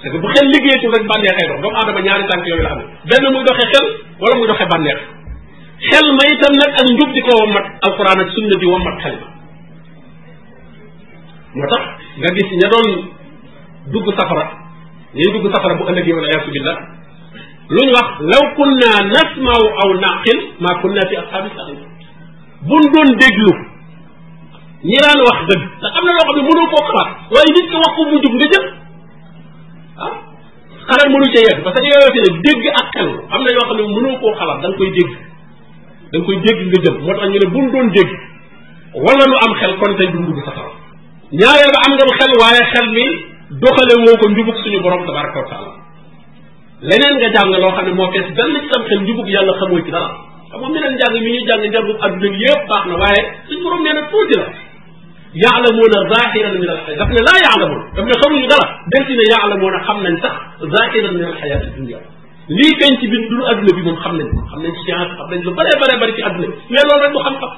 parce bu xel liggéeyatul rek bànneex ay dox doomu aadama ñaari tànk yooyu la amee benn muy doxee xel wala muy doxee bànneex xel ma itam nag ak njub di ko wammat alquran ak sunna di wammat xel ma moo tax nga gis ña doon dugg safara ñuy dugg safara bu ëllëgee wala yaasu billah lu ñu wax law kunna nasmaw aw naqil maa kunna fi asxaabi saxin buñ doon déglu wax dëgg ndax am na loo xam ne o koo waaye nit ki wax ko mu jub nga jël ah xalaat mënu ca yegg parce que yooyu fi am na yoo xam ne mënoo koo xalaat da nga koy dégg da nga koy dégg nga jël moo tax ñu ne buñ doon dégg nu am xel kon tey dund bi safara ñaareel ba am nga xel waaye xel mi doxale woo ko njubug suñu borom tabaraka wa taala leneen nga jàng loo xam ne moo fees benn ci sam xel njubug yàlla xamoo ci dara xam nga meneen njàng mi ñuy jàng njàngub adduna na waaye suñ borom nee na tuuti la yaalamuuna zahiran min alxayaat daf ne laa yaalamuun daf ne xamuñu dara dem si ne yaalamuuna xam nañ sax zahiran min alxayaat dunia lii feeñ ci biir dund adduna bi moom xam nañ xam nañ i xam nañ lu bëree bëree bëri ci adduna bi mais loolu rek du xam-xam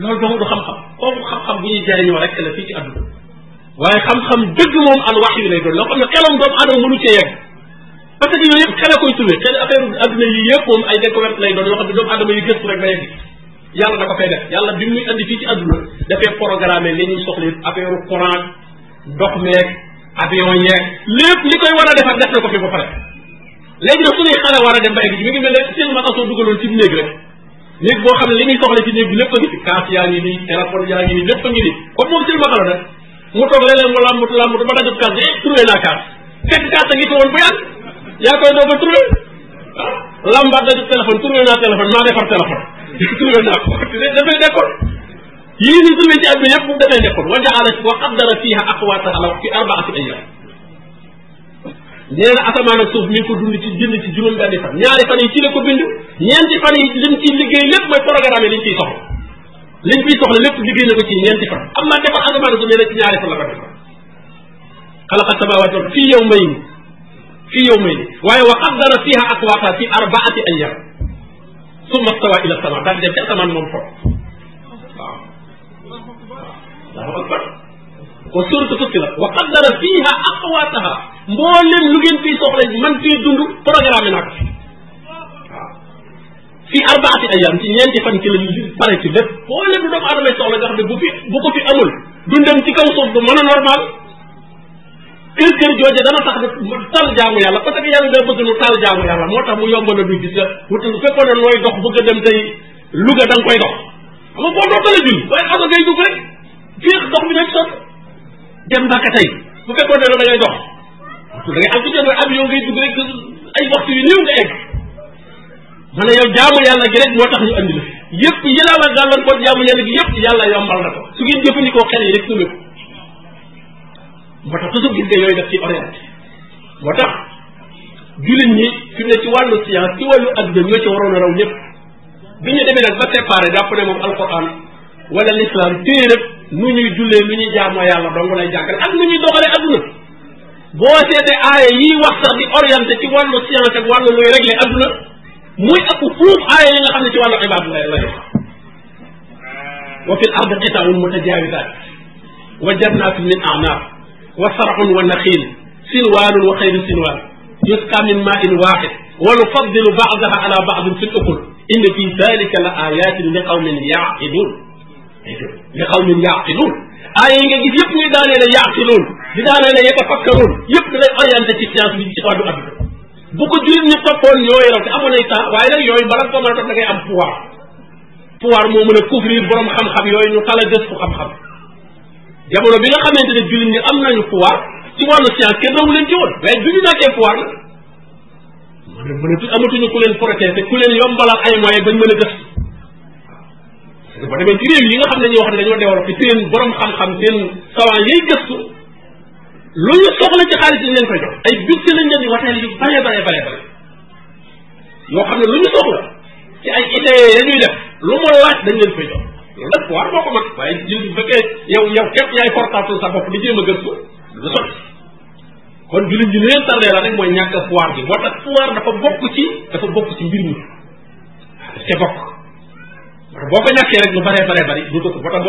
loolu dong du xam-xam kooku xam-xam la fii ci adduna waaye xam-xam dëgg moom al yu lay doon loo xam ne xelam doomu aadama mënu cee parce que yooyu yëpp xel koy tuddee yi yëpp moom ay la yegg yàlla da ko fay def yàlla bi muy andi a defar def na ko ba pare a dem a ngi fi kaas yaa ngi nii téléphone yaa bu yàgg yaa koy doog a trouvé ah lambaat na ci téléphone trouvé naa téléphone maa defar téléphone <laughs> trouvé naa ko dafay nekkoon yii ñu trouvé ci àdduna yëpp dafay nekkoon wa jaala wa qaddara fiiha aqwaataha fi arbaati ayyaam na asamaan ak suuf mi ngi ko dund ji bind ci juróom benni fan ñaari fan yi ci la ko bind ñeenti fan yi liñ ciy liggéey lépp mooy programme yi liñ ciy soxla liñ ciy soxla lépp liggéey na ko ci ñeenti fan am naa defar asamaan ak suuf nee na ci ñaari fan la ko defar xalaqa samaawaati fii yawmayn fi yawmayni waaye wa qaddara fiha aqwaata fi arbaati ayyam summa stawa ila sama daal di dem ca asamaan moom foofu waaw waaw wa suuratu Fussilat wa qaddara fiha aqwaataha mboolem lu ngeen fiy soxla man fiy dund programme naa ko fi waaw fii arbaati ayam ci ñeenti fan ci la ñu pare ci lépp mboolem lu doomu aadama soxla nga xam ne bu fi bu ko fi amul dundam ci kaw suuf du mën a normal kër kër jooje dana tax ne tal jaamu yàlla parce que yàlla daa bëgg lu tal jaamu yàlla moo tax mu yombal a du gis nga wutal fekkoon ne nooy dox bëgg a dem tey Louga da nga koy dox ama boo dootale jul waaye xam nga ngay dugg rek féex dox bi dañ sot dem Mbàkke tey bu fekkoon ne da ngay dox da ngay am ci avion ngay dugg rek ay waxtu yu néew nga egg ma ne yow jaamu yàlla gi rek moo tax ñu andi la yëpp yëlaa la gàllankoor jaamu yàlla gi yëpp yàlla yombal na ko su ngeen jëfandikoo xel yi rek sunu moo tax toujours gis nga yooyu def ci orienté moo tax jullit ñi fi ne ci wàllu science ci wàllu adduna ñoo ci waroon a raw ñëpp bi ñu demee nag ba séparé jàpp ne moom alquran wala l'islam téye rek nu ñuy jullee nu ñuy jaamoo yàlla dong lay jàngale ak nu ñuy doxalee adduna boo seetee aaya yi wax sax di orienté ci wàllu science ak wàllu luy réglé adduna muy ak fuuf aaya yi nga xam ne ci wàllu ibaadu la la wa fil ardi qita'un mutajawizaat wa jannaatun min a'naab wa saraxun wa naxiil silwaanun wa xayri silwaan yusqa min maa in waaxid wa nufaddilu baadaha ala baadin fi l-ukul inna fi dalika la ayatin li qawmin yaqiluun li qawmin yaqiluun aaya yi nga gis yëpp ñuy daanee la yaqiluun di daanee la yatafakkaruun yëpp dafay orienté ci science bi ci wàllu adduna bu ko jullit ñu toppoon yooyu raw te amoon ay temps waaye nag yooyu bala ko mën a def da ngay am pouvoir pouvoir moo mën a couvrir borom xam-xam yooyu ñu tala gëstu xam-xam jamono bi nga xamante ne jullit ñi am nañu pouvoir ci wàllu science kenn nangu leen ci woon waaye bi ñu nattee pouvoir la mën mënatu amatuñu ku leen protéger ku leen yombalal ay moyens bañ mën a def ba demee ci réew yi nga xam ne ñoo wax ne dañoo développé seen borom xam-xam seen savant yay gëstu lu ñu soxla ci xaalis dañ leen koy jox ay budget lañ leen di wateel yu bare bare bare bare yoo xam ne lu ñu soxla ci ay idées ya ñuy def lu ma laaj dañ leen koy yow nag war moo ko mën waaye jël bu fekkee yow yow képp yaay fortaatu sa bopp di jéem a gëstu du sot kon jullit ñi leen tardé la rek mooy ñàkk a pouvoir bi moo tax pouvoir dafa bokk ci dafa bokk ci mbir mi waaw te bokk boo ko ñàkkee rek lu bëree bëree bëri du tëkk la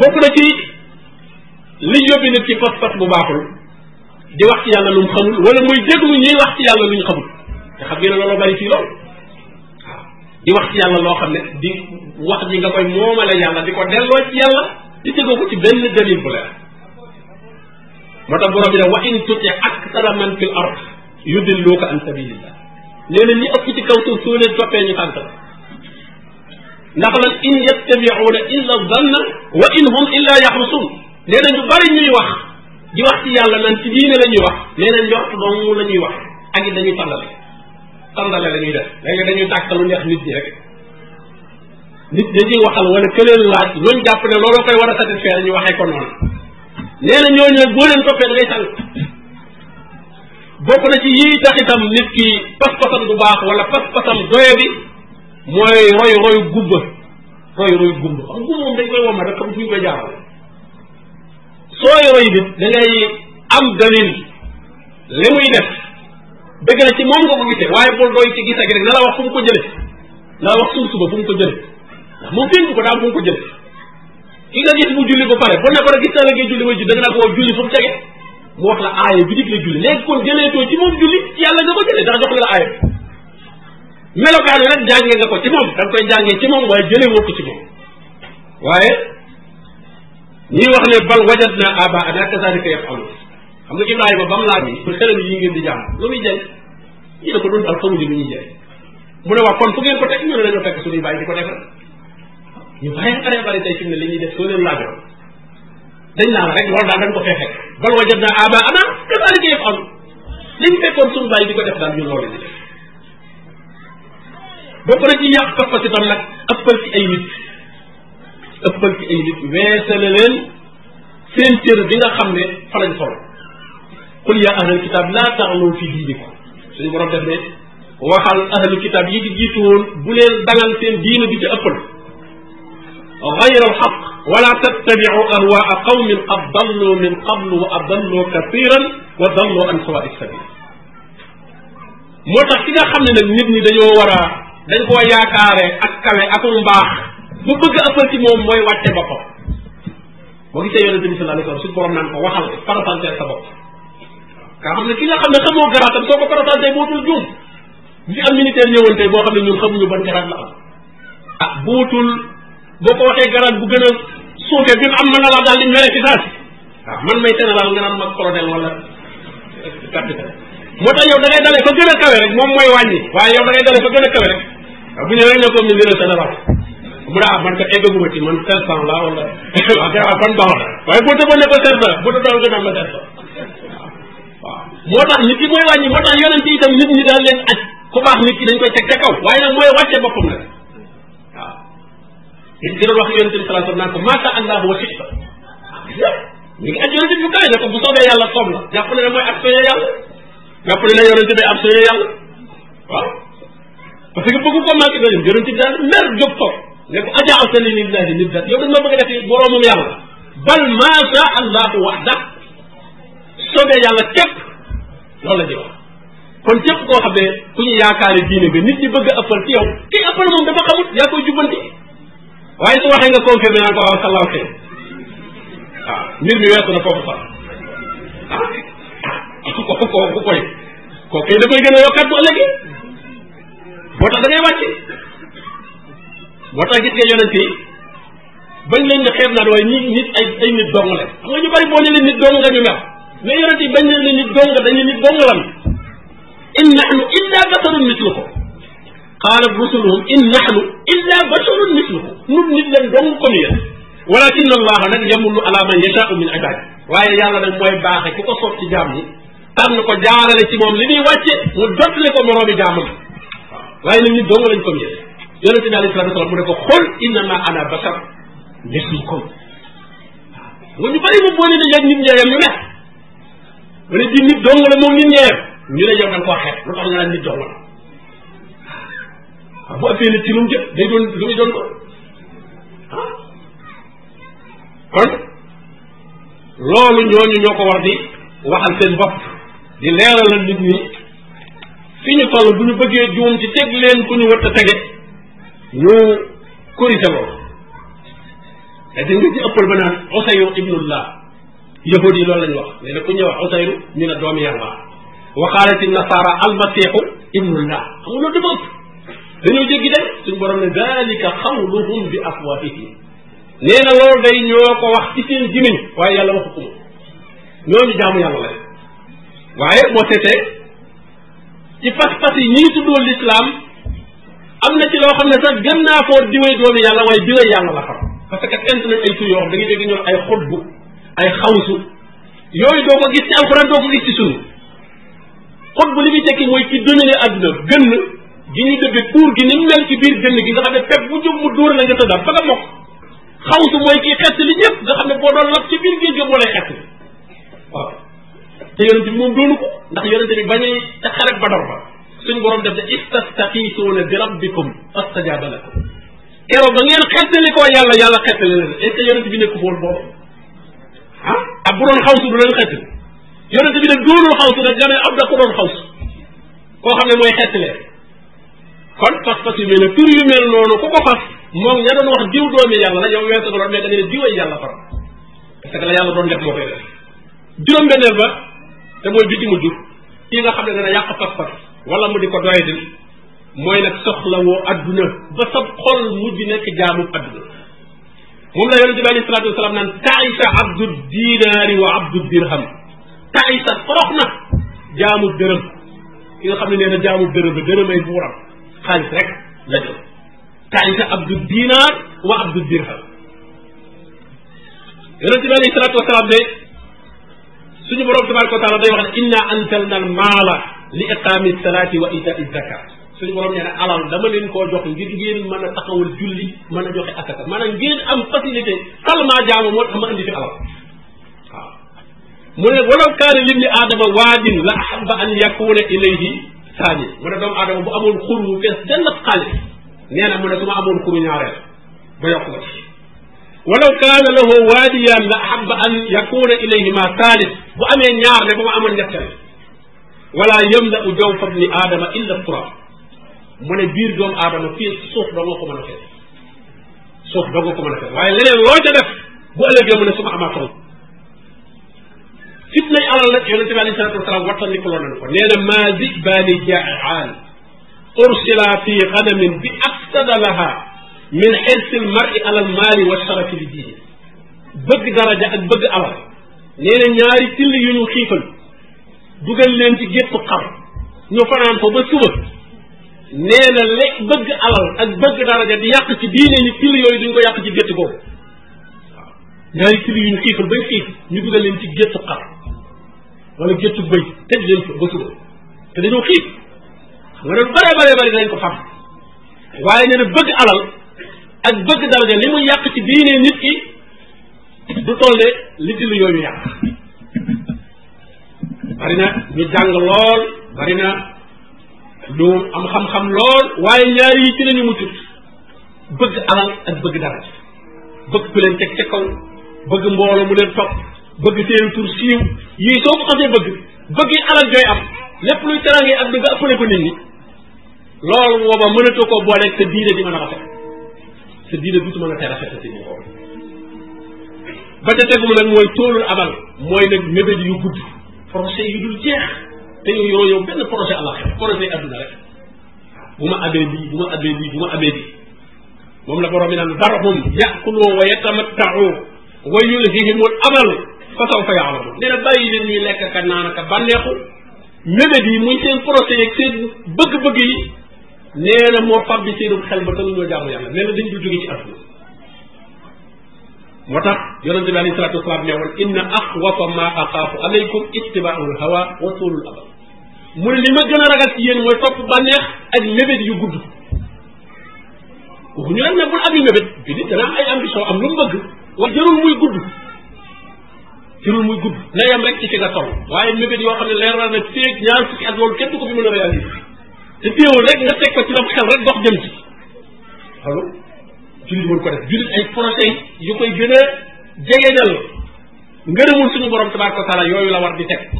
bokk na ci li yóbbi nit ci pas-pas bu baaxul di wax ci yàlla lu mu xamul wala muy déglu ñuy wax ci yàlla lu ñu xamul te xam ngeen ne loolu bari fii lool waaw di wax ci yàlla loo xam ne di wax ji nga koy moomale yàlla di ko delloo ci yàlla di déggoo ko ci benn dalil bu leer moo tax borom bi ne wa in tuti aktara man fil ard yudilluka an sabilillah nee na ñi ëpp ci kaw suuf soo leen toppee ñu tànk ndax lan in yattabi'una illa zanna wa in hum illa yaxrusun nee na ñu bari ñuy wax di wax ci yàlla naan ci diine la ñuy wax nee na njort dong la ñuy wax ak it dañuy tàndale tàndale la ñuy def léegi dañuy tàkkalu neex nit di rek nit dañuy waxal wala këleen laaj luñ jàpp ne looloo koy war a satisfaire ñu waxee ko noonu nee na ñooñu nag boo leen toppee da ngay sànq bokk na ci yii tax itam nit ki pas-pasam du baax wala pas-pasam doye bi mooy roy royu gubba roy royu gumba xam gumba moom dañ koy womma rek xam fu ñu koy jaaral soo yoroo nit da ngay am dalil li muy def dëgg la ci moom nga ko gisee waaye bul doy ci gisa gi rek na la wax fu mu ko jële na la wax suuf suba fu mu ko jële ndax moom fenn ko daal fu mu ko jële ki nga gis mu julli ba pare bu na ko rek gis naa la ngay julli julli da nga naa ko julli fu mu tege mu wax la aaya bi digle léegi kon jëleetoo ci moom julli ci yàlla nga ko jëlee ndax jox la la aaya melokaan rek nag jàngee nga ko ci moom da nga koy jàngee ci moom waaye jëlee woo ko ci moom waaye ñii wax ne bal wajat na abaana kazalika yafaluun xam ba mu laaj yi xelam yi ngeen di jàmm lu muy jëriñ ñii da ko doon dal xamuñu lu ñuy jëriñ mu ne wax kon fu ko teg ñu ne dañoo fekk suñuy bàyyi di ko defal ñu bari bari bari tey fi mu ne li ñuy def soo leen laajoon dañ naan rek loolu daal dañ ko fee fekk bal wajat na abaana kazalika yafaluun liñ fekkoon suñu bàyyi di ko def daal ñun loolu la ñuy def bokk na ci yàq pas-pas itam nag ëppal ci ay nit ëppal ci ay nit weesale leen seen cër bi nga xam ne fa lañ solo qul fi diinikum suñu borom def ne waxal ahlul kitaab yi di jiitu woon bu leen dangal seen diina bi ci wala tattabiu arwaa qawmin qad dallu min qablu wa adallu katiran wa dallu an sawaai sabil moo tax ki nga xam ne nag nit ñi dañoo war a dañ koo yaakaare bu bëgg ëppal ci moom mooy wàcce boppam boo gisee yonente bi sallallahu alayhi wasallam suñu borom naan ko waxal parasanteer sa bopp nga xam ne ki nga xam ne xamoo garaatam soo ko parasanteer bootul juum ñi am militaire ñëwoon tey boo xam ne ñun xamuñu ban garaat la am ah bootul boo ko waxee garaat bu gën a suufee bi mu am mën na laa daal di mere ci saasi waaw man may général nga naan mag colonel wala capitaine moo tax yow da ngay dalee fa gën a kawe rek moom mooy waaye yow da ngay a kawe bu ñëwee rek ne a mu ne ah man kat eggaguma ci man sept cent la wala <laughs> waaw kay waaw ah kon baax na waaye boo tëboon ne ko sept la boo tëboon nga naan la sept moo tax nit ki mooy wàññi moo tax yonent yi itam nit ñi daal leen aj ku baax nit o dañ koy teg ca kaw waaye nag mooy wàcce boppam nag waaw nit ki doon wax yonent bi sallallahu alayhi wasallam naan ko maasa allah wa sita mi ngi aj yonent bi kawe ne ko bu soobee yàlla soob la jàpp ne mooy ak soobee yàlla jàpp ne yonent bi ab soobee yàlla waaw parce que bëgg ko manqué doon yonent bi daal mer ne ko aja al tani lillahi niddat yow dañ ma bëgg a def boroomam yàlla bal maasa allahu waxda sobee yàlla képp loolu la ñuy kon képp koo xam ne ku ñu yaakaari diine bi nit ñi bëgg a ëppal ci yow kii ëppal moom dafa xamut yaa koy jubbanti waaye su waxee nga confirmé naan ko waaw sallaaw xëy waaw mbir mi weesu na kooku ah, kooku koy kooku da koy gën a yokkaat bu ëllëgee boo tax da wàcce moo tax gis nga yonent yi bañ leen di xeeb naan waaye nit nit ay ay nit dong la xam nga ñu bari boo ne leen nit dong nga ñu mel mais yonent yi bañ leen ne nit dong dañu nit dong lan in nahnu illa basarun mislukum qaalat rusuluhum in nahnu illa basarun mislukum nun nit leen dong comme yéen walakin allaha nag yamullu ala man yashaau min ibadi waaye yàlla nag mooy baaxe ku ko soob ci jaam ñi tànn ko jaarale ci moom li muy wàcce mu dottali ko moroomi jaamam waaye nag nit dong lañ comme yéen yonente bi alayhi salatu mu ne ko xool innama ana basar mislukum waaw ñu bëri moom boo ne dañ nit ñeewam ñu ne wala di nit dong la moom nit ñeewam ñu ne yow da nga koo xeeb lu tax nga naan nit dong ko ah kon loolu ñooñu ñoo ko war di waxal seen bopp di leeralal nit ñi fi ñu toll bu ñu bëggee juum ci teg leen ku ñu wër te tege ñu korite loolu da di nga ci ëppal ba naan Usayru ibnullah yahud yi lañu wax nee na ku ñuy wax Usayru ñu ne doomi yàlla waxaalati nasaara almasiixu ibnullah xam nga loolu dafa suñu borom ne dalika xawluhum bi afwahihim nee na day ñoo ko wax ci seen waaye yàlla waxu ko moom ñooñu jaamu yàlla la waaye boo ci pas-pas yi ñiy lislaam am na ci loo xam ne sax gën naa foor diwee doomi yàlla waaye diwee yàlla la xam parce que ent nañ ay tur yoo xam da ngay dégg ñoom ay xutbu ay xawsu yooyu doo ko gis ci alxuraan doo ko ci sunu xutbu li muy tekki mooy ki dominer adduna gën gi ñu dëbbe kuur gi ni mu mel ci biir gën gi nga xam ne pepp bu jóg mu dóor la nga tëddaat ba nga mokk xawsu mooy kii xett li ñëpp nga xam ne boo doon lap ci biir géej ga moo lay xett waaw te yonente bi moom doonu ko ndax yonente bi bañee ca xaret Badar ba suñ borom def da istastaqiisuuna bi rabbikum fastajaaba lakum keroog ba ngeen xettali koo yàlla yàlla xettali leen bi nekku foon boobu ah ab bu doon xawsu du leen xettali yonent bi nag doonul xawsu nag nga ne ab da ko doon xawsu koo xam ne mooy xettalee kon fas-fas yu mel ne tur yu mel noonu ku ko fas moom ña doon wax diw doomi yàlla la yow weesu nga doon mais da nga ne diw ay yàlla far parce que la yàlla doon def moo te mooy bi ci mujj kii nga xam ne dana yàq fas-fas wala mu di ko doyadil mooy nag soxlawoo adduna ba sa xol mujj nekk jaamu adduna la yonente bi alayhi salaatu wasalaam naan taisa abdu dinaari wa abdu dirham taisa torox na jaamu dërëm ki nga xam ne nee na jaamu dërëm la dërëm ay buuram xaalis rek la jël taisa abdu dinaar wa abdu bi wa taala inna anzalna al maala li iqaami salaati wa itaai zakat suñu borom nee na alal dama leen koo jox ngir ngeen mën a taxawal julli mën a joxe asaka maanaam ngeen am facilité tellement jaamu moo tax ma indi fi alal waaw mu ne walaw kaana libni aadama waadin la ahabba an yakuuna ilayhi saani mu ne doomu aadama bu amoon xur wu fees dell ak xaalis nee na mu ne su ma amoon xuru ñaareel ba yokk la ci walaw kaana lahu waadiyan la ahabba an yakuuna ilayhi ma saalis bu amee ñaar ne ba ma amoon ñetteel wala yamla u jaw fab ni aadama illa turaab mu ne biir doomu aadama fii suuf doo nga ko mën a fees suuf doo nga ko mën a fees waaye leneen loo ca def bu ëllëgee mu ne su ma amaatoon fitnay alal nag yonente bi alei salatu wasalaam wattandiku loo nañu ko nee na maa zibaani jaaan ursila fi xanamin bi afsada laha min xirsi lmari ala almaali wa sharafi li diine bëgg daraja ak bëgg alal nee na ñaari till yu ñu xiifal dugal leen ci gépp xar ñu fanaan ko ba suba nee na lekk bëgg alal ak bëgg daraja di yàq ci diine ñu kilo yooyu duñ ko yàq ci gétt googu waaw ñaari kilo yu ñu xiifal bay xiif ñu dugal leen ci gétt xar wala gétt bëy tëj leen fa ba suba te dañoo xiif xam nga doon bare bare bare dañ ko xam waaye nee na bëgg alal ak bëgg daraja li mu yàq ci diine nit ki du tolle li kilo yooyu ya bari na ñu jàng lool bari na ñu am xam-xam lool waaye ñaar yi ci lañu muccut bëgg alal ak bëgg dara bëgg ku leen teg ca bëgg mbooloo mu leen topp bëgg seen tur siiw yii soo ko xasee bëgg bëggi alal jooy am lépp luy teraange ak dëgg ëppale ko nit ñi loolu booba mënatoo koo booleeg sa diine di mën a rafet sa diine dutu mën a tee si ñu xool ba ca tegu nag mooy tóolul abal mooy nag mébét yu gudd projet yu dul jeex te yow yoroo yow benn projet àllaaxira projet adduna rek bu ma abee lii bu ma abee bu ma abee lii moom la borom mi naan darhum yaakuloo wa yatamattaau wa yulhihimul amal fa sawfa yaalamun nee na bàyyi leen ñuy lekk ka naan ka bànneexu mébét yi muy seen projet yeeg seen bëgg-bëgg yi nee na moo fab bi xel ba te lu ñoo jaamu yàlla nee na dañ dul jóge ci adduna moo tax yonente bi alayhi salatu na ne woon a axwafa ma axaafu alaykum ittibaaul hawa wa tuulul abal mu ne li ma gën a ragal ci yéen mooy topp bànneex ak mébét yu gudd waxuñu nag ne bul am yu mébét bi nit dana am ay ambition am lu mu bëgg wax jërul muy gudd ne muy gudd na yem rek ci fi nga toll waaye mébét yoo xam ne leeral na féeg ñaar fukki at loolu kenn du ko fi mën a réaliser te téewul rek nga teg ko ci la xel rek dox jëm ci xalu jullit waru ko def jullit ay projet yu koy gën a jegeñal ngërëmul suñu borom tabaraka wa taala yooyu la war di teg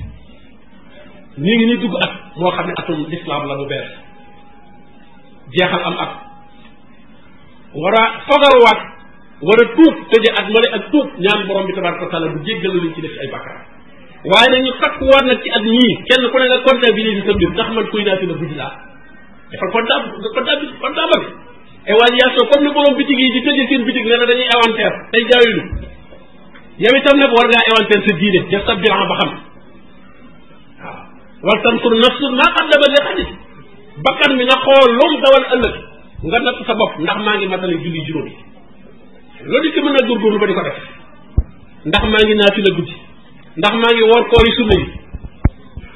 nii ngi ni dugg at moo xam ne atum lislaam la bu bees jeexal am at war a fogalwaat war a tuub tëje at ma ne ak tuub ñaan borom bi tabaraka wa bu jéggal luñ ci def ay bakkaar waaye nag ñu takk war nag ci at ñii kenn ku ne nga comptabiliser sa mbir ndax man kuy naa fi na guddi laa dafa comptable comptable comptable évaluation comme ni borom bitig yi di tëjee seen bitig ne la dañuy inventaire day jaayulu yow itam nag war ngaa inventaire sa diine def sa bilan ba xam waaw wal tanzur nafsun maa qaddamat li xadin bakkan bi na xool lum dawal ëllëg nga natt sa bopp ndax maa ngi matale julli juróom yi loolu ci mën a góorgóorlu ba di ko def ndax maa ngi naafila guddi ndax maa ngi woor koori sunna yi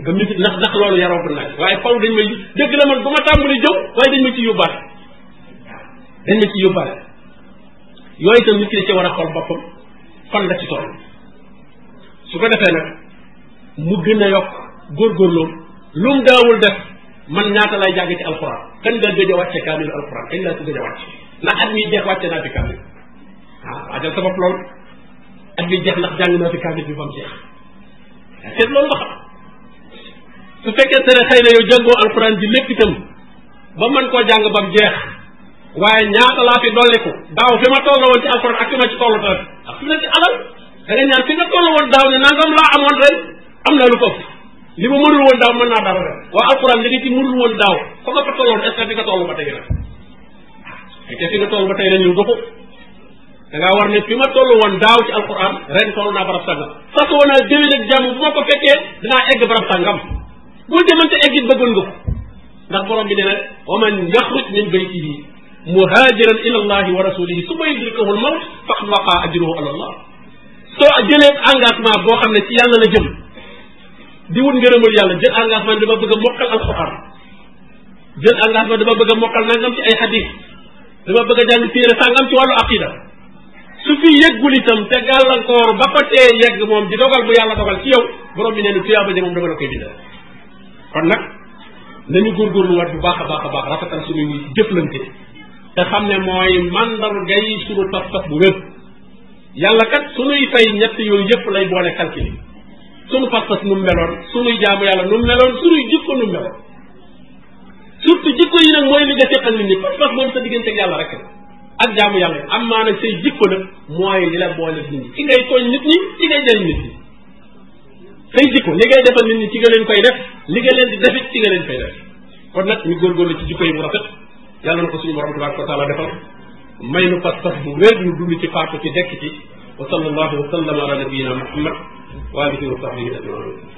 nga musique ndax ndax loolu yaroo ko nag waaye faw dañ may dëgg la man bu ma tàmbali jëw waaye dañ ma ci yóbbaale dañ ma ci yóbbaale yooyu itam nit ki da war a xool boppam fan la ci toll su ko defee nag mu gën a yokk góor góorgóorloom lu mu daawul def man ñaata lay jàgg ci alxuraan kan nga gëj a wàcce kaamil alxuraan kañ laa ko a wàcce ndax at mi jeex wàcce naa fi kaamil waaw ah, waajal sa bopp loolu at mi jeex ndax jàng naa fi kaamil bi ba mu jeex seet loolu nga xam su fekkente ne xëy na yow jàngoo alxuraan ji lépp itam ba man koo jàng bam jeex waaye ñaata laa fi dolliku daaw fi ma tollu woon ci alxuraan ak fi ma ci tollu tamit ak fi na ci alal da ñaan fi nga tollu woon daaw ne nangam laa amoon am naa lu ko li ma mënul woon daaw mën naa dara waa alxuraan li nga ci woon daaw fa nga ko fi nga toll ba tey rek fekkee fi nga toll da ngaa war ne fi ma toll woon daaw ci alxuraan ren toll naa barab sàngam fasoo naa déwén ak jàmm bu ma ko fekkee dinaa egg barab sàngam bul demante egg it bëggoon nga ko ndax borom bi nee na wa man yaxruj min baytihi muhajiran ila allahi wa rasulihi summa yudrikahu al mawt faqad waqa ajruhu ala allah soo jëlee engagement boo xam ne ci yàlla la jëm di wut ngërëmal yàlla jël engagement dama bëgg a mokkal alquran jël engagement dama bëgg a mokkal nangam ci ay hadith dama bëgg a jàng téere sàngam ci wàllu aqida su fi yëggul itam te gàllankoor ba fa tee yegg moom di dogal bu yàlla dogal ci yow borom bi nee na tuyaaba ja moom dama la koy bindal kon nag nañu góor waat bu baax a baax a baax rafetal suñu jëflante te xam ne mooy mandargay suñu pas-pas bu wér yàlla kat suñuy fay ñett yooyu yëpp lay boole calculé suñu pas-pas nu mu meloon suñuy jaamu yàlla nu mu meloon suñuy jikko nu mu meloon surtout jikko yi nag mooy li nga seqal nit ñi pas-pas moom sa diggante ak yàlla rek ak jaamu yàlla am maa nag say jikko nag mooy li la boole nit ñi ci ngay tooñ nit ñi ci ngay jëriñ nit ñi say jikko li ngay defal nit ñi ci nga leen koy def li nga leen di defit ci nga leen koy def kon nag ñu góorgóorlu ci jikko yi mu rafet yàlla na ko suñu borom tabaraka wa taala defal may nu pas sax bu wér ñu dund ci faatu ci dekk ci wa sallallahu wa sallama ala nabiyina muhammad wa alihi wa sahbihi ajmain